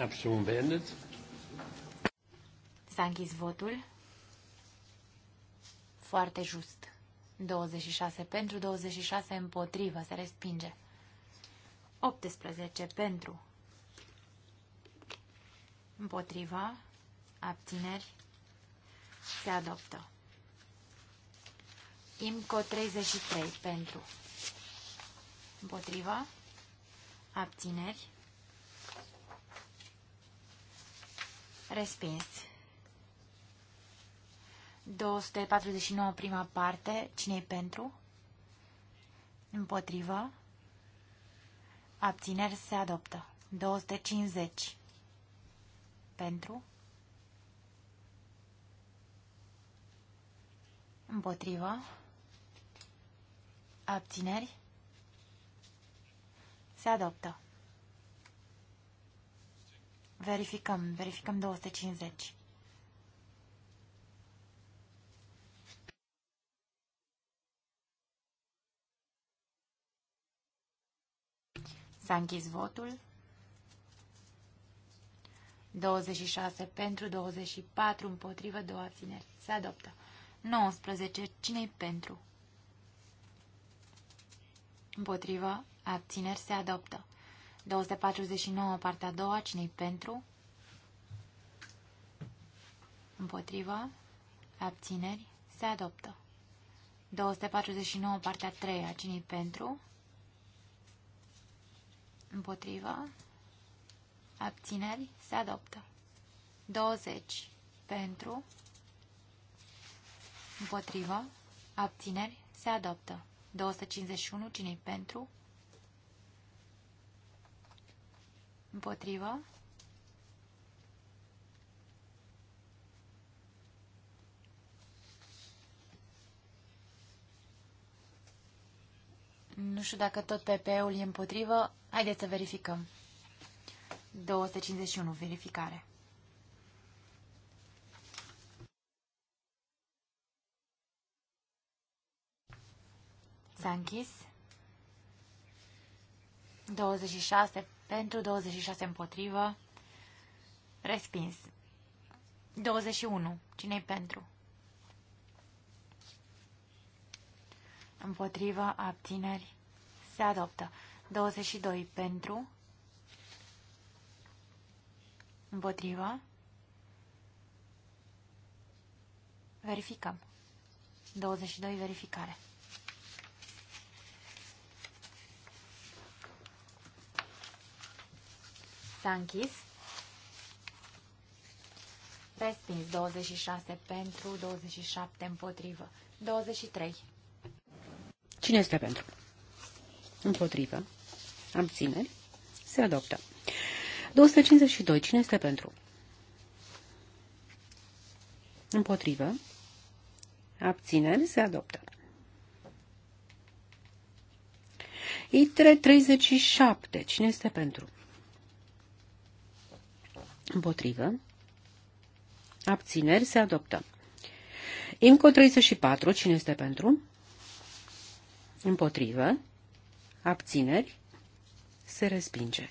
Abstimmung beendet. S-a închis votul. Foarte just. 26 pentru, 26 împotrivă. Se respinge. 18 pentru. Împotriva. Abțineri. Se adoptă. IMCO 33 pentru. Împotriva. Abțineri. Respins. 249 prima parte. cine pentru? Împotrivă. Abțineri se adoptă. 250. Pentru. Împotrivă. Abțineri. Se adoptă. Verificăm, verificăm 250. S-a închis votul. 26 pentru, 24 împotrivă, 2 abțineri. Se adoptă. 19. Cine-i pentru? Împotrivă, abțineri se adoptă. 249, partea a doua, cine pentru? Împotriva, abțineri, se adoptă. 249, partea a treia, cine pentru? Împotriva, abțineri, se adoptă. 20, pentru, împotriva, abțineri, se adoptă. 251, cine pentru? Împotrivă. Nu știu dacă tot PP-ul e împotrivă. Haideți să verificăm. 251. Verificare. S-a închis. 26 pentru, 26 împotrivă, respins. 21. cine e pentru? Împotrivă, abțineri, se adoptă. 22 pentru, împotrivă, verificăm. 22 verificare. S-a închis. Respins 26 pentru, 27 împotrivă. 23. Cine este pentru? Împotrivă. Abțineri. Se adoptă. 252. Cine este pentru? Împotrivă. Abțineri. Se adoptă. ITRE 37. Cine este pentru? Împotrivă. Abțineri se adoptă. IMCO 34. Cine este pentru? Împotrivă. Abțineri se respinge.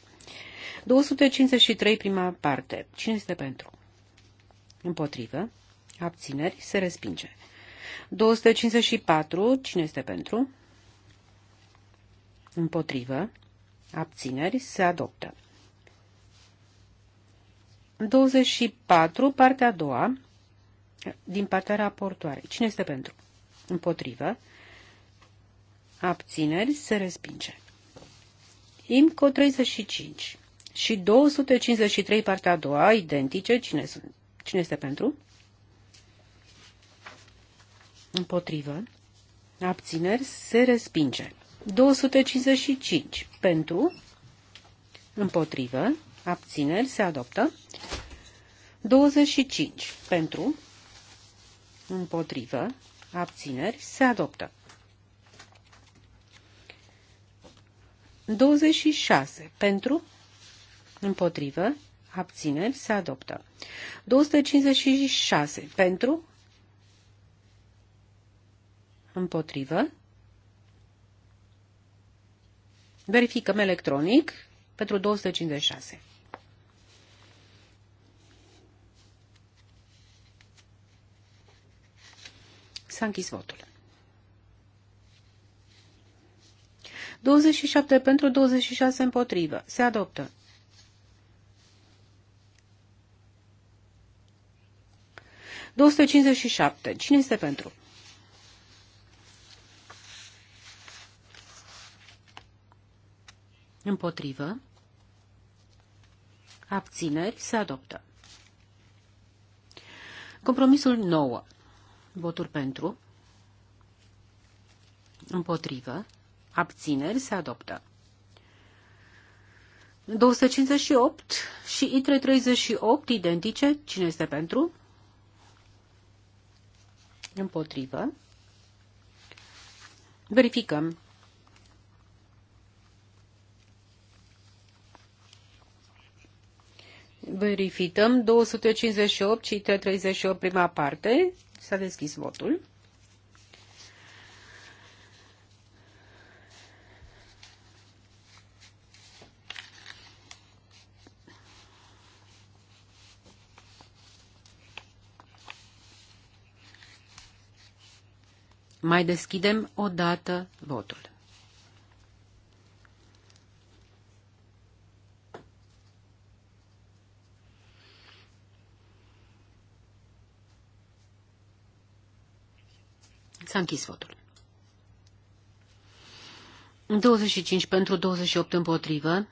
253 prima parte. Cine este pentru? Împotrivă. Abțineri se respinge. 254. Cine este pentru? Împotrivă. Abțineri se adoptă. 24, partea a doua, din partea raportoarei. Cine este pentru? Împotrivă. Abțineri se respinge. IMCO 35 și 253, partea a doua, identice. Cine, sunt? Cine este pentru? Împotrivă. Abțineri se respinge. 255 pentru, împotrivă, abțineri se adoptă. 25 pentru, împotrivă, abțineri se adoptă. 26 pentru, împotrivă, abțineri se adoptă. 256 pentru, împotrivă, verificăm electronic pentru 256. S-a închis votul. 27 pentru, 26 împotrivă. Se adoptă. 257 Cine este pentru? Împotrivă. Abțineri. Se adoptă. Compromisul 9. Voturi pentru. Împotrivă. Abțineri se adoptă. 258 și ITRE 38 identice. Cine este pentru? Împotrivă. Verificăm. Verificăm 258 și 338 prima parte. Să a deschis votul. Mai deschidem o dată votul. S-a închis votul. 25 pentru, 28 împotrivă.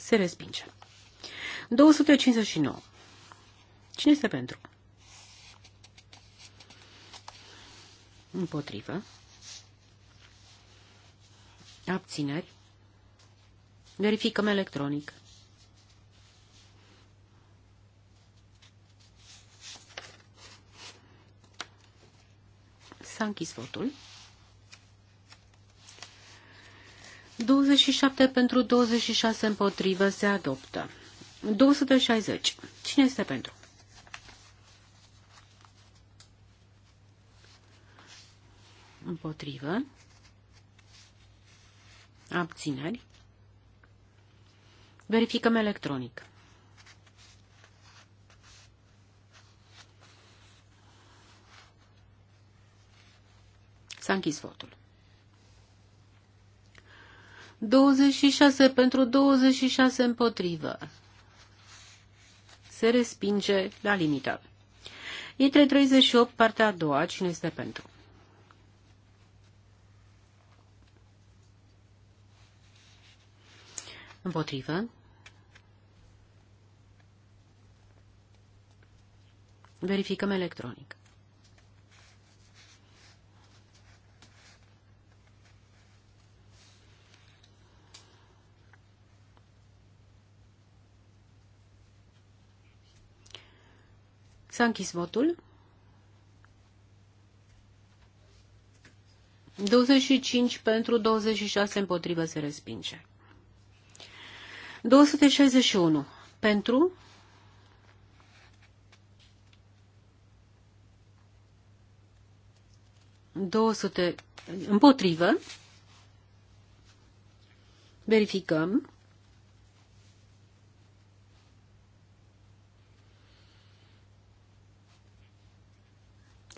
Se respinge. 259. Cine este pentru? Împotrivă. Abțineri. Verificăm electronic. S-a închis votul. 27 pentru 26 împotrivă se adoptă. 260. Cine este pentru? Împotrivă. Abțineri. Verificăm electronic. S-a închis votul. 26 pentru 26 împotrivă. Se respinge la limită. Între 38, partea a doua, cine este pentru? Împotrivă. Verificăm electronic. S-a închis votul. 25 pentru, 26 împotrivă se respinge. 261 pentru, 200 împotrivă. Verificăm.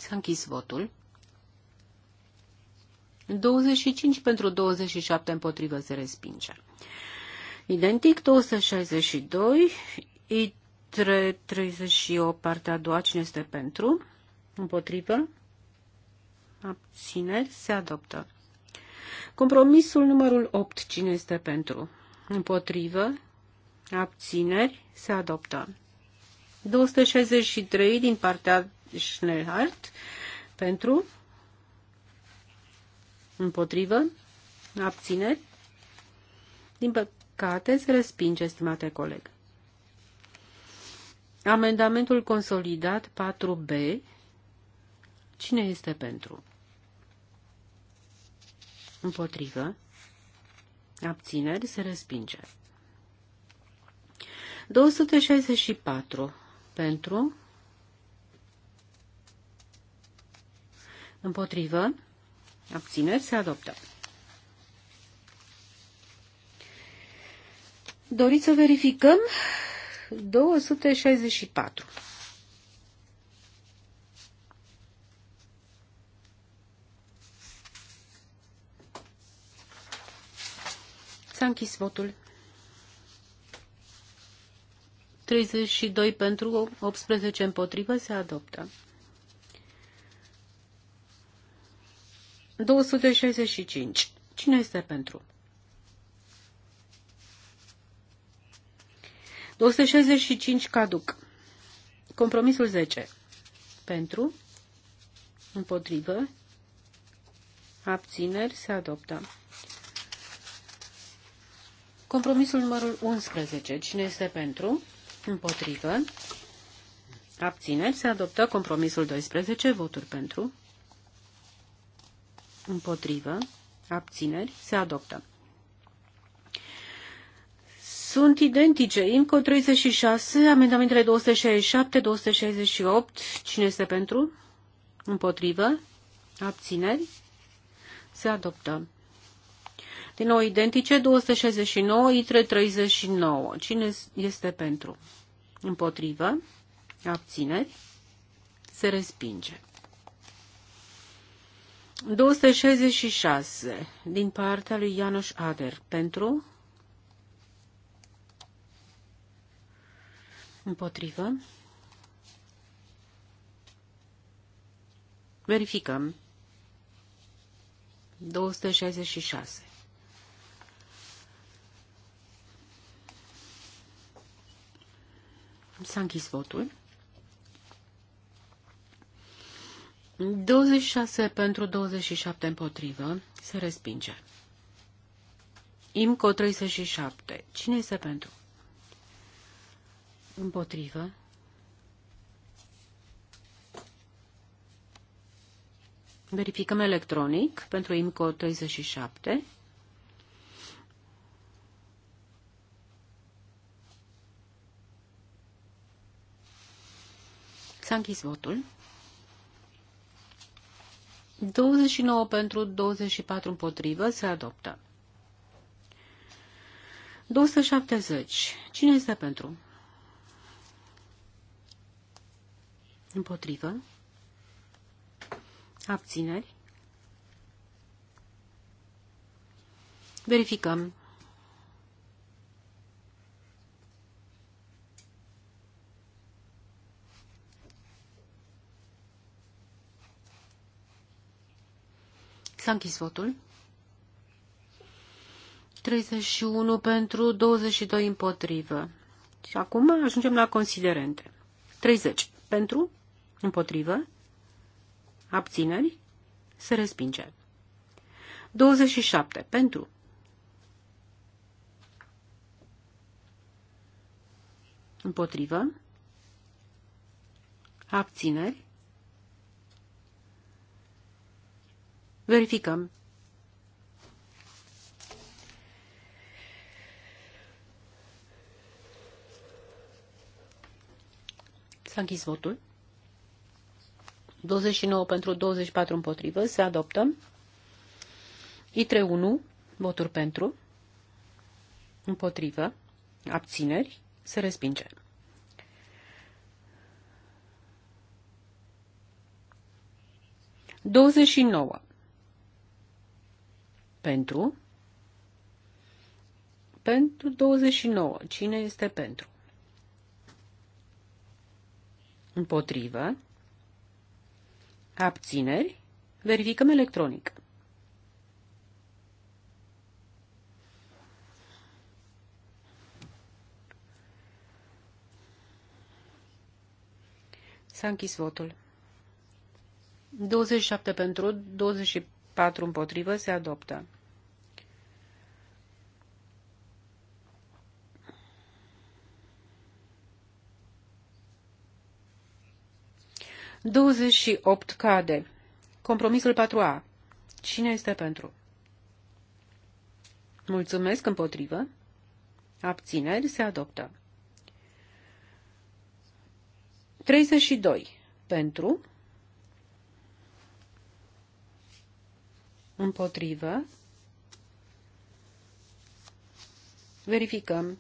S-a închis votul. 25 pentru 27 împotrivă se respinge. Identic 262, i 38 partea a doua, cine este pentru? Împotrivă? Abțineri? Se adoptă. Compromisul numărul 8, cine este pentru? Împotrivă? Abțineri? Se adoptă. 263 din partea Schnellhardt pentru împotrivă abțineri. Din păcate se respinge, estimate coleg. Amendamentul consolidat 4B. Cine este pentru? Împotrivă. Abțineri se respinge. 264 pentru Împotrivă. Abțineri se adoptă. Doriți să verificăm? 264. S-a închis votul. 32 pentru, 18 împotrivă, se adoptă. 265. Cine este pentru? 265 caduc. Compromisul 10. Pentru, împotrivă, abțineri, se adoptă. Compromisul numărul 11. Cine este pentru? Împotrivă. Abțineri. Se adoptă compromisul 12. Voturi pentru. Împotrivă. Abțineri. Se adoptă. Sunt identice. Inco 36, amendamentele 267, 268. Cine este pentru? Împotrivă. Abțineri. Se adoptă. Din nou identice, 269, ITRE 39. Cine este pentru? Împotrivă. Abțineri. Se respinge. 266 din partea lui Ianoș Ader pentru împotrivă verificăm 266 S-a închis votul. 26 pentru 27 împotrivă. Se respinge. IMCO 37. Cine este pentru? Împotrivă. Verificăm electronic pentru IMCO 37. S-a închis votul. 29 pentru 24 împotrivă se adoptă. 270. Cine este pentru? Împotrivă. Abțineri. Verificăm. S-a închis votul. 31 pentru, 22 împotrivă. Și acum ajungem la considerente. 30 pentru, împotrivă, abțineri, se respinge. 27 pentru, împotrivă, abțineri, Verificăm. S-a închis votul. 29 pentru 24 împotrivă. Se adoptă. I31, voturi pentru. Împotrivă. Abțineri. Se respinge. Douăzeci și nouă. Pentru. Pentru 29. Cine este pentru? Împotrivă. Abțineri. Verificăm electronic. S-a închis votul. 27 pentru, 20 4 împotrivă, se adoptă. Douăzeci și opt cade. Compromisul 4A. Cine este pentru? Mulțumesc împotrivă. Abțineri se adoptă. 32. Pentru Împotrivă. Verificăm.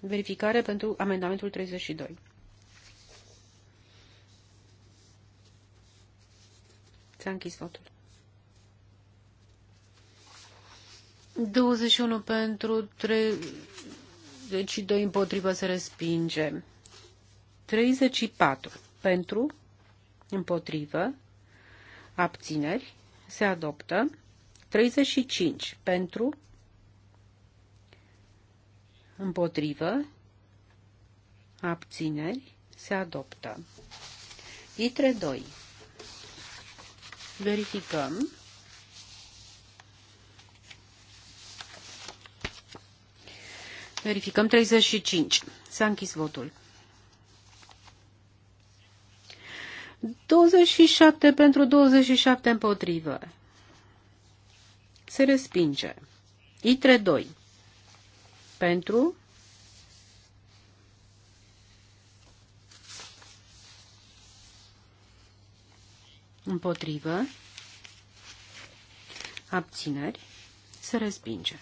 Verificare pentru amendamentul 32. S-a închis votul. 21 pentru, 32 împotrivă se respinge. 34 pentru, împotrivă, abțineri, se adoptă. 35 pentru, împotrivă, abțineri, se adoptă. Litre 2. Verificăm. Verificăm 35. S-a închis votul. 27 pentru 27 împotrivă. Se respinge. Itre 2. Pentru. Împotrivă. Abțineri. Se respinge.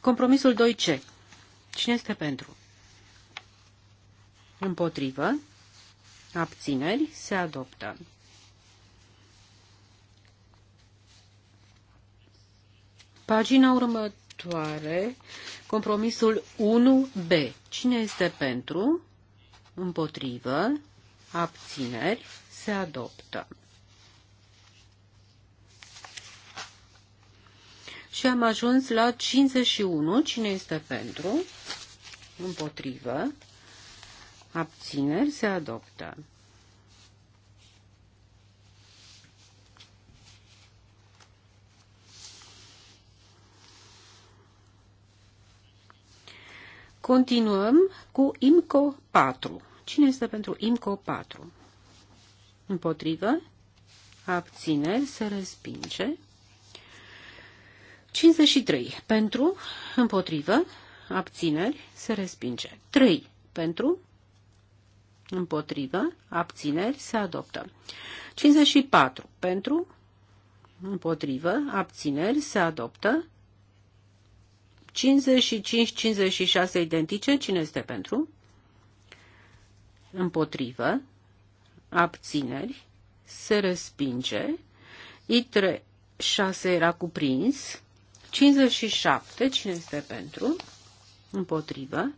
Compromisul 2C. Cine este pentru? Împotrivă abțineri, se adoptă. Pagina următoare, compromisul 1B. Cine este pentru? Împotrivă, abțineri, se adoptă. Și am ajuns la 51. Cine este pentru? Împotrivă, abțineri se adoptă. Continuăm cu IMCO 4. Cine este pentru IMCO 4? Împotrivă? Abțineri se respinge. 53. Pentru? Împotrivă? Abțineri se respinge. 3. Pentru? împotrivă, abțineri, se adoptă. 54 pentru, împotrivă, abțineri, se adoptă. 55-56 identice, cine este pentru? Împotrivă, abțineri, se respinge. ITRE 6 era cuprins. 57, cine este pentru? Împotrivă,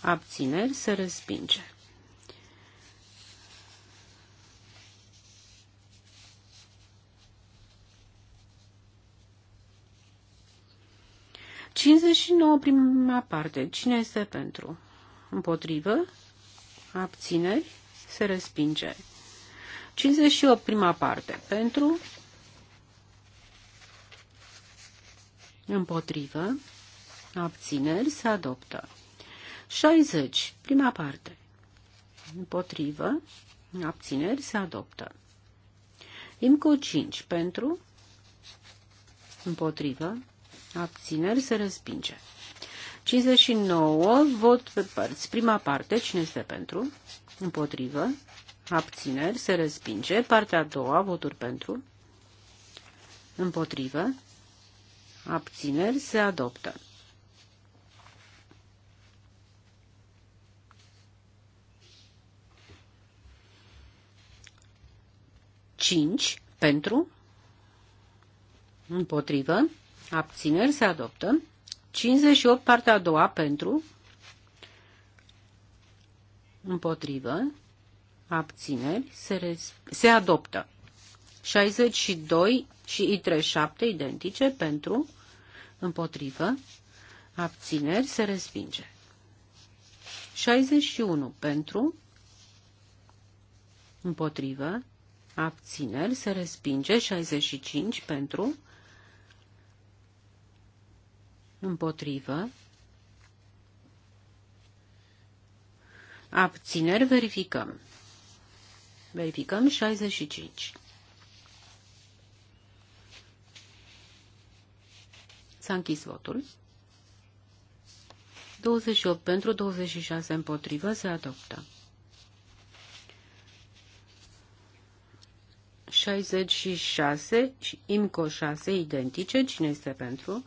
abțineri, se respinge. 59, prima parte. Cine este pentru? Împotrivă? Abțineri? Se respinge. 58, prima parte. Pentru? Împotrivă? Abțineri? Se adoptă. 60, prima parte. Împotrivă? Abțineri? Se adoptă. IMCO 5. Pentru? Împotrivă? abțineri se respinge. 59, vot pe părți. Prima parte, cine este pentru? Împotrivă. Abțineri, se respinge. Partea a doua, voturi pentru. Împotrivă. Abțineri, se adoptă. Cinci, pentru. Împotrivă abțineri se adoptă. 58 partea a doua pentru, împotrivă, abțineri se, se adoptă. 62 și ITRE 7 identice pentru, împotrivă, abțineri se respinge. 61 pentru, împotrivă, abțineri se respinge. 65 pentru, Împotrivă. Abțineri verificăm. Verificăm 65. S-a închis votul. 28 pentru, 26 împotrivă, se adoptă. 66 și IMCO 6 identice, cine este pentru?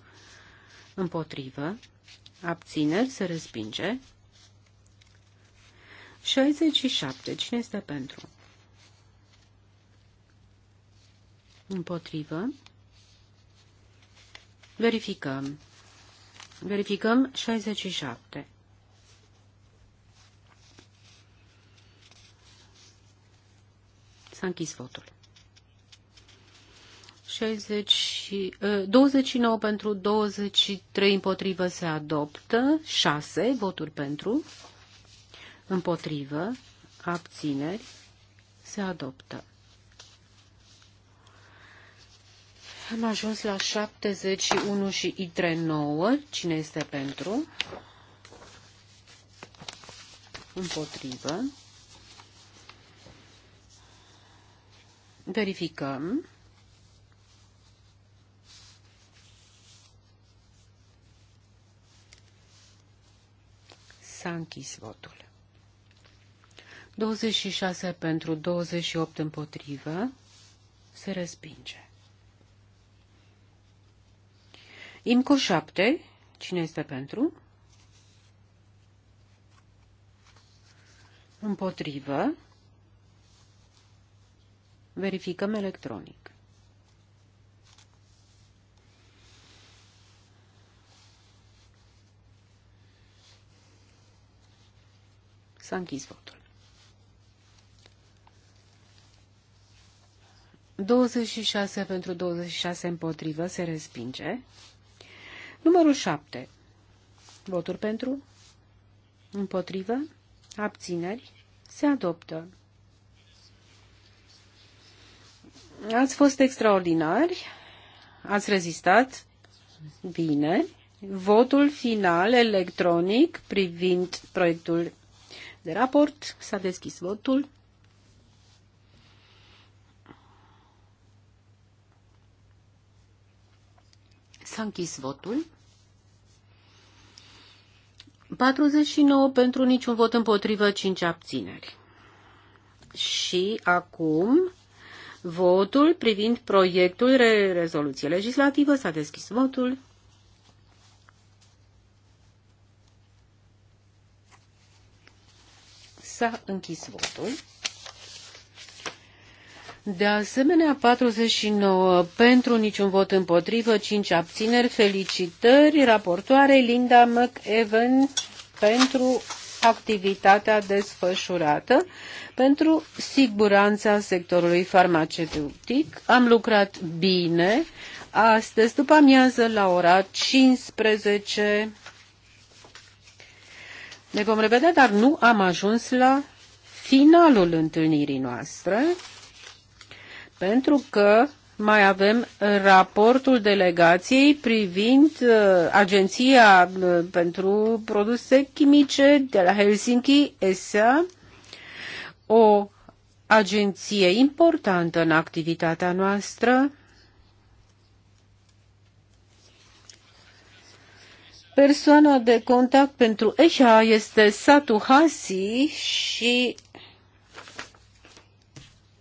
împotrivă, abțineri, se respinge. 67. Cine este pentru? Împotrivă. Verificăm. Verificăm 67. S-a închis votul. 60 și, 29 ă, pentru 23 împotrivă se adoptă, 6 voturi pentru, împotrivă, abțineri, se adoptă. Am ajuns la 71 și ITRE 9. Cine este pentru? Împotrivă. Verificăm. S-a închis votul. 26 pentru 28 împotrivă se respinge. Imco 7. Cine este pentru? Împotrivă. Verificăm electronic. S-a închis votul. 26 pentru 26 împotrivă se respinge. Numărul 7. Voturi pentru, împotrivă, abțineri, se adoptă. Ați fost extraordinari, ați rezistat, bine. Votul final electronic privind proiectul de raport. S-a deschis votul. S-a închis votul. 49 pentru niciun vot împotrivă, 5 abțineri. Și acum votul privind proiectul re rezoluție legislativă. S-a deschis votul. S-a închis votul. De asemenea, 49 pentru, niciun vot împotrivă, 5 abțineri. Felicitări raportoare Linda McEwen pentru activitatea desfășurată pentru siguranța sectorului farmaceutic. Am lucrat bine. Astăzi, după amiază, la ora 15, ne vom revedea, dar nu am ajuns la finalul întâlnirii noastre, pentru că mai avem raportul delegației privind uh, Agenția uh, pentru Produse Chimice de la Helsinki, ESA, o agenție importantă în activitatea noastră Persoana de contact pentru EHA este Satu Hasi și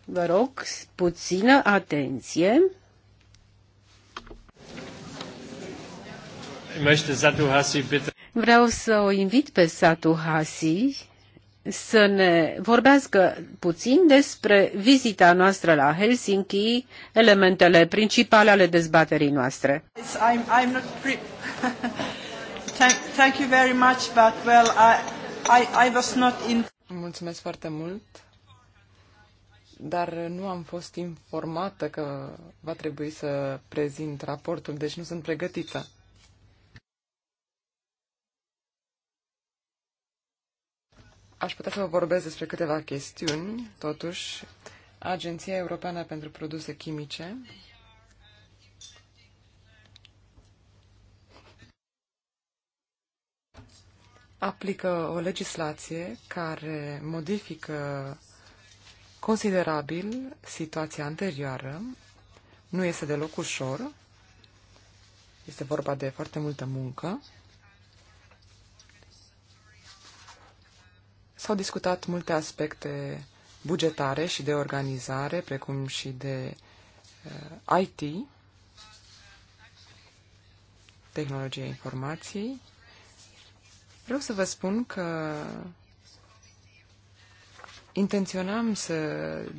vă rog puțină atenție. Vreau să o invit pe Satu Hasi să ne vorbească puțin despre vizita noastră la Helsinki, elementele principale ale dezbaterii noastre. I'm, I'm [LAUGHS] thank, you very much, but well, I, I, I was not in... Mulțumesc foarte mult, dar nu am fost informată că va trebui să prezint raportul, deci nu sunt pregătită. Aș putea să vă vorbesc despre câteva chestiuni, totuși. Agenția Europeană pentru Produse Chimice aplică o legislație care modifică considerabil situația anterioară. Nu este deloc ușor. Este vorba de foarte multă muncă. S-au discutat multe aspecte bugetare și de organizare, precum și de uh, IT, tehnologia informației. Vreau să vă spun că intenționam să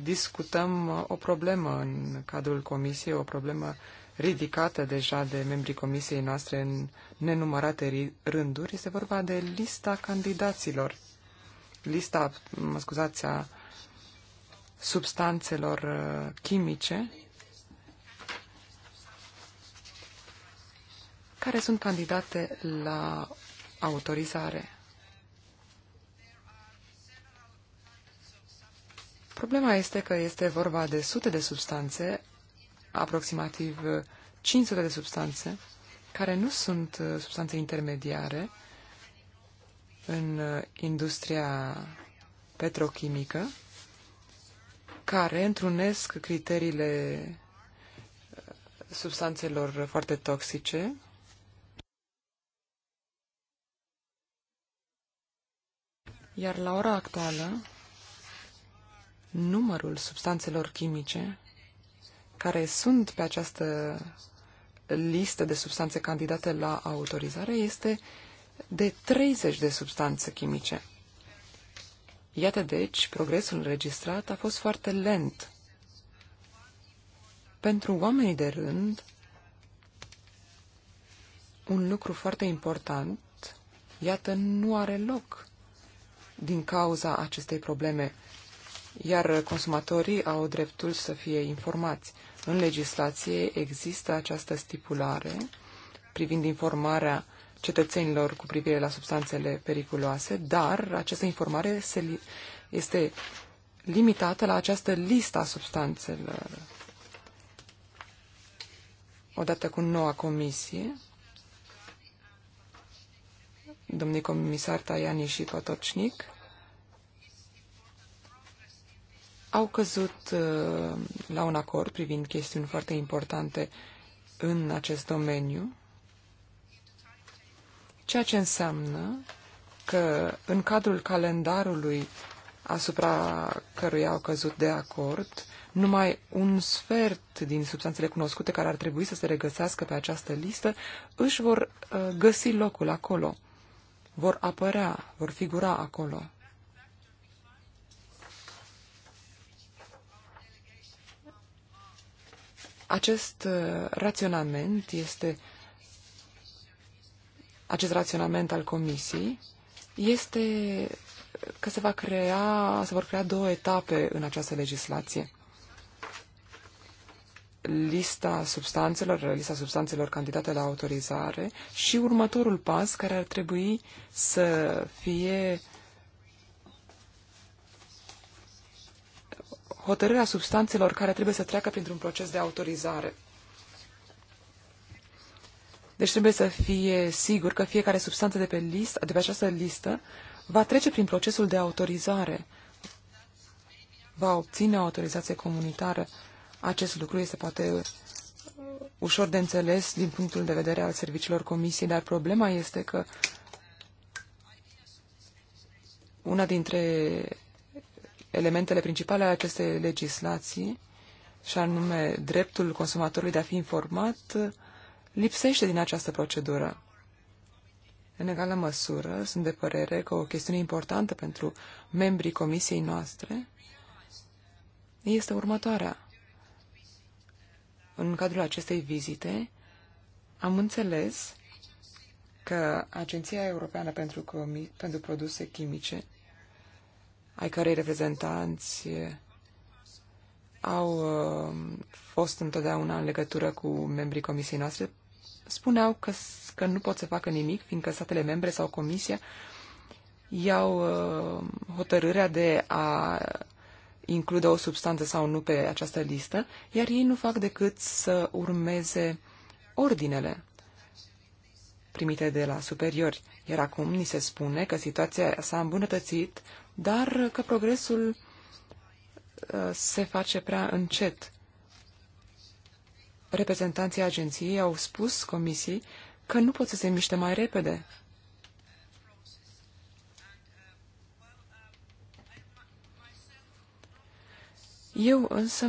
discutăm o problemă în cadrul comisiei, o problemă ridicată deja de membrii comisiei noastre în nenumărate rânduri. Este vorba de lista candidaților, lista, mă scuzați, a substanțelor uh, chimice care sunt candidate la autorizare. Problema este că este vorba de sute de substanțe, aproximativ 500 de substanțe, care nu sunt uh, substanțe intermediare în uh, industria petrochimică, care întrunesc criteriile uh, substanțelor foarte toxice Iar la ora actuală, numărul substanțelor chimice care sunt pe această listă de substanțe candidate la autorizare este de 30 de substanțe chimice. Iată deci, progresul înregistrat a fost foarte lent. Pentru oamenii de rând, un lucru foarte important, iată, nu are loc din cauza acestei probleme, iar consumatorii au dreptul să fie informați. În legislație există această stipulare privind informarea cetățenilor cu privire la substanțele periculoase, dar această informare se li- este limitată la această listă a substanțelor. Odată cu noua comisie, domnii comisar Tajani și Potocnic, au căzut uh, la un acord privind chestiuni foarte importante în acest domeniu, ceea ce înseamnă că în cadrul calendarului asupra căruia au căzut de acord, numai un sfert din substanțele cunoscute care ar trebui să se regăsească pe această listă își vor uh, găsi locul acolo vor apărea, vor figura acolo. Acest uh, raționament este acest raționament al comisiei este că se va crea, se vor crea două etape în această legislație lista substanțelor, lista substanțelor candidate la autorizare și următorul pas care ar trebui să fie hotărârea substanțelor care trebuie să treacă printr-un proces de autorizare. Deci trebuie să fie sigur că fiecare substanță de pe, list, de pe această listă va trece prin procesul de autorizare, va obține o autorizație comunitară acest lucru este poate uh, ușor de înțeles din punctul de vedere al serviciilor comisiei, dar problema este că una dintre elementele principale ale acestei legislații, și anume dreptul consumatorului de a fi informat, lipsește din această procedură. În egală măsură, sunt de părere că o chestiune importantă pentru membrii comisiei noastre este următoarea. În cadrul acestei vizite am înțeles că Agenția Europeană pentru, pentru Produse Chimice, ai cărei reprezentanți au uh, fost întotdeauna în legătură cu membrii comisiei noastre, spuneau că, că nu pot să facă nimic, fiindcă statele membre sau comisia iau uh, hotărârea de a includă o substanță sau nu pe această listă, iar ei nu fac decât să urmeze ordinele primite de la superiori. Iar acum ni se spune că situația s-a îmbunătățit, dar că progresul uh, se face prea încet. Reprezentanții agenției au spus comisiei că nu pot să se miște mai repede Eu însă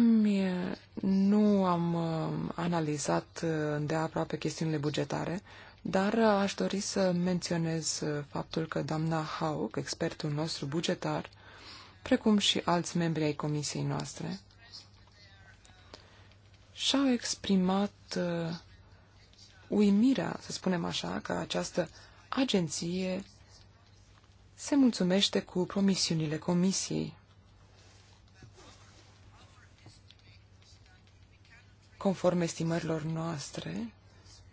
nu am uh, analizat uh, îndeaproape chestiunile bugetare, dar uh, aș dori să menționez faptul că doamna Hauk, expertul nostru bugetar, precum și alți membri ai comisiei noastre, și-au exprimat uimirea, să spunem așa, că această agenție se mulțumește cu promisiunile comisiei Conform estimărilor noastre,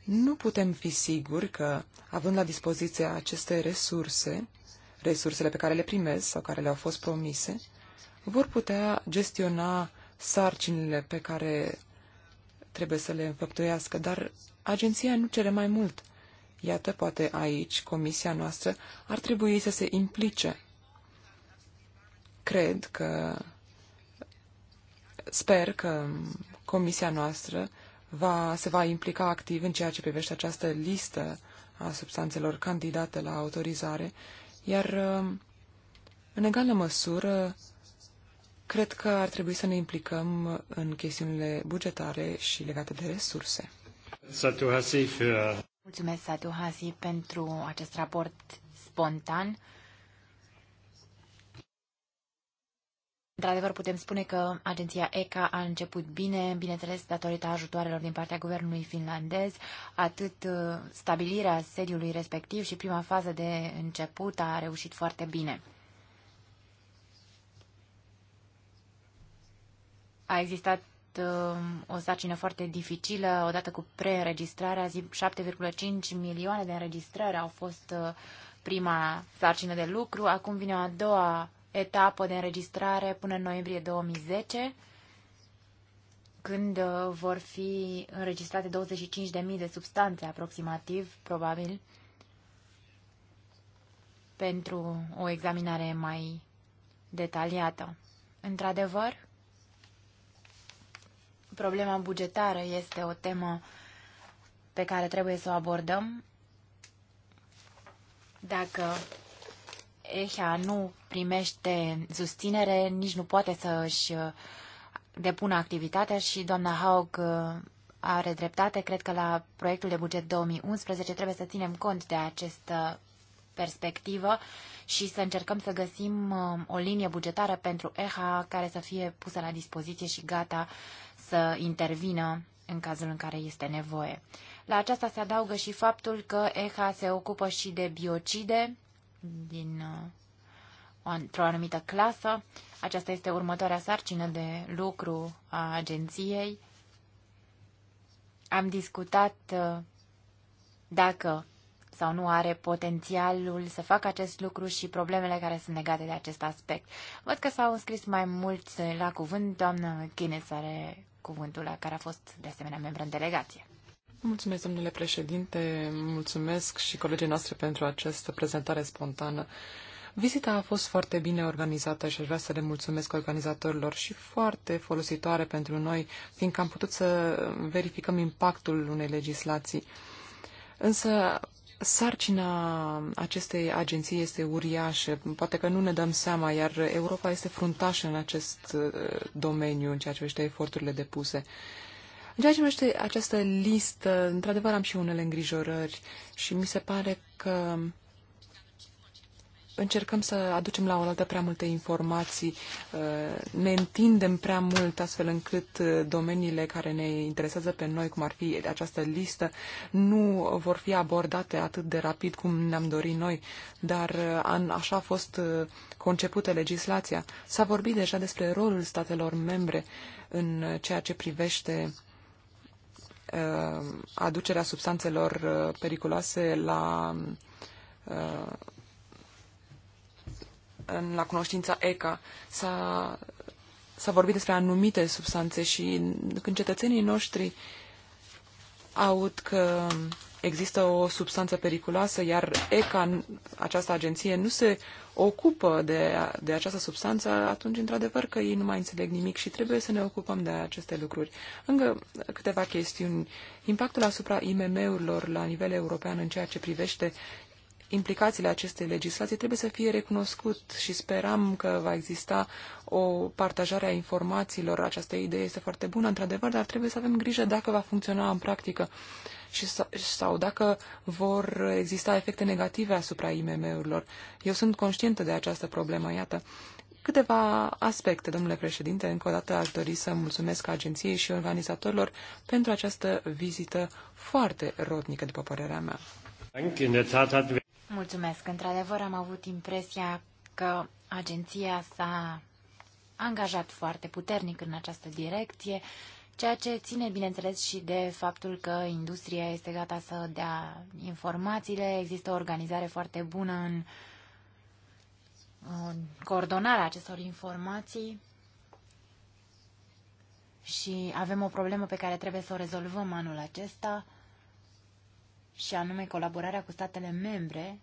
nu putem fi siguri că, având la dispoziție aceste resurse, resursele pe care le primez sau care le-au fost promise, vor putea gestiona sarcinile pe care trebuie să le înfăptuiască, dar agenția nu cere mai mult. Iată, poate aici, comisia noastră ar trebui să se implice. Cred că... Sper că comisia noastră va, se va implica activ în ceea ce privește această listă a substanțelor candidate la autorizare, iar um, în egală măsură cred că ar trebui să ne implicăm în chestiunile bugetare și legate de resurse. Uh, Mulțumesc, Satu Hasi, pentru acest raport spontan Într-adevăr, putem spune că agenția ECA a început bine, bineînțeles, datorită ajutoarelor din partea guvernului finlandez, atât uh, stabilirea sediului respectiv și prima fază de început a reușit foarte bine. A existat uh, o sarcină foarte dificilă, odată cu preînregistrarea, 7,5 milioane de înregistrări au fost uh, prima sarcină de lucru, acum vine a doua etapă de înregistrare până în noiembrie 2010, când uh, vor fi înregistrate 25.000 de substanțe aproximativ, probabil, pentru o examinare mai detaliată. Într-adevăr, problema bugetară este o temă pe care trebuie să o abordăm. Dacă EHA nu primește susținere, nici nu poate să își uh, depună activitatea și doamna Haug uh, are dreptate. Cred că la proiectul de buget 2011 trebuie să ținem cont de această perspectivă și să încercăm să găsim uh, o linie bugetară pentru EHA care să fie pusă la dispoziție și gata să intervină în cazul în care este nevoie. La aceasta se adaugă și faptul că EHA se ocupă și de biocide din uh, într-o anumită clasă. Aceasta este următoarea sarcină de lucru a agenției. Am discutat uh, dacă sau nu are potențialul să facă acest lucru și problemele care sunt legate de acest aspect. Văd că s-au înscris mai mulți la cuvânt. Doamna Guinness are cuvântul la care a fost de asemenea membru în delegație. Mulțumesc, domnule președinte, mulțumesc și colegii noastre pentru această prezentare spontană. Vizita a fost foarte bine organizată și aș vrea să le mulțumesc organizatorilor și foarte folositoare pentru noi, fiindcă am putut să verificăm impactul unei legislații. Însă sarcina acestei agenții este uriașă, poate că nu ne dăm seama, iar Europa este fruntașă în acest uh, domeniu, în ceea ce vește eforturile depuse. În ceea ce numește această listă, într-adevăr am și unele îngrijorări și mi se pare că încercăm să aducem la oaltă prea multe informații, uh, ne întindem prea mult astfel încât uh, domeniile care ne interesează pe noi, cum ar fi această listă, nu vor fi abordate atât de rapid cum ne-am dorit noi, dar uh, așa a fost concepută legislația. S-a vorbit deja despre rolul statelor membre în ceea ce privește Uh, aducerea substanțelor uh, periculoase la, uh, la cunoștința ECA. S-a, s-a vorbit despre anumite substanțe și când cetățenii noștri aud că există o substanță periculoasă, iar ECA, această agenție, nu se ocupă de, de această substanță, atunci, într-adevăr, că ei nu mai înțeleg nimic și trebuie să ne ocupăm de aceste lucruri. Încă câteva chestiuni. Impactul asupra IMM-urilor la nivel european în ceea ce privește implicațiile acestei legislații trebuie să fie recunoscut și sperăm că va exista o partajare a informațiilor. Această idee este foarte bună, într-adevăr, dar trebuie să avem grijă dacă va funcționa în practică. Uh, și sau dacă vor exista efecte negative asupra IMM-urilor. Eu sunt conștientă de această problemă, iată. Câteva aspecte, domnule președinte, încă o dată aș dori să mulțumesc agenției și organizatorilor pentru această vizită foarte rodnică, după părerea mea. Mulțumesc. Într-adevăr, am avut impresia că agenția s-a angajat foarte puternic în această direcție ceea ce ține, bineînțeles, și de faptul că industria este gata să dea informațiile, există o organizare foarte bună în coordonarea acestor informații și avem o problemă pe care trebuie să o rezolvăm anul acesta și anume colaborarea cu statele membre.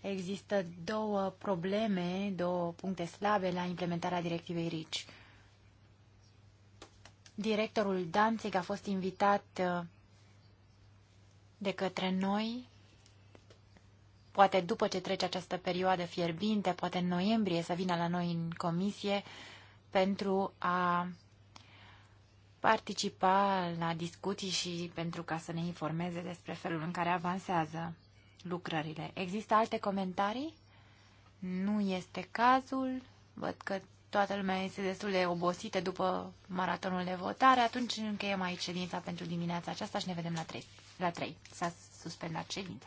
Există două probleme, două puncte slabe la implementarea directivei RICI Directorul Danțig a fost invitat uh, de către noi, poate după ce trece această perioadă fierbinte, poate în noiembrie să vină la noi în comisie pentru a participa la discuții și pentru ca să ne informeze despre felul în care avansează lucrările. Există alte comentarii? Nu este cazul. Văd că toată lumea este destul de obosită după maratonul de votare, atunci încheiem aici ședința pentru dimineața aceasta și ne vedem la 3. La 3. S-a suspendat ședința.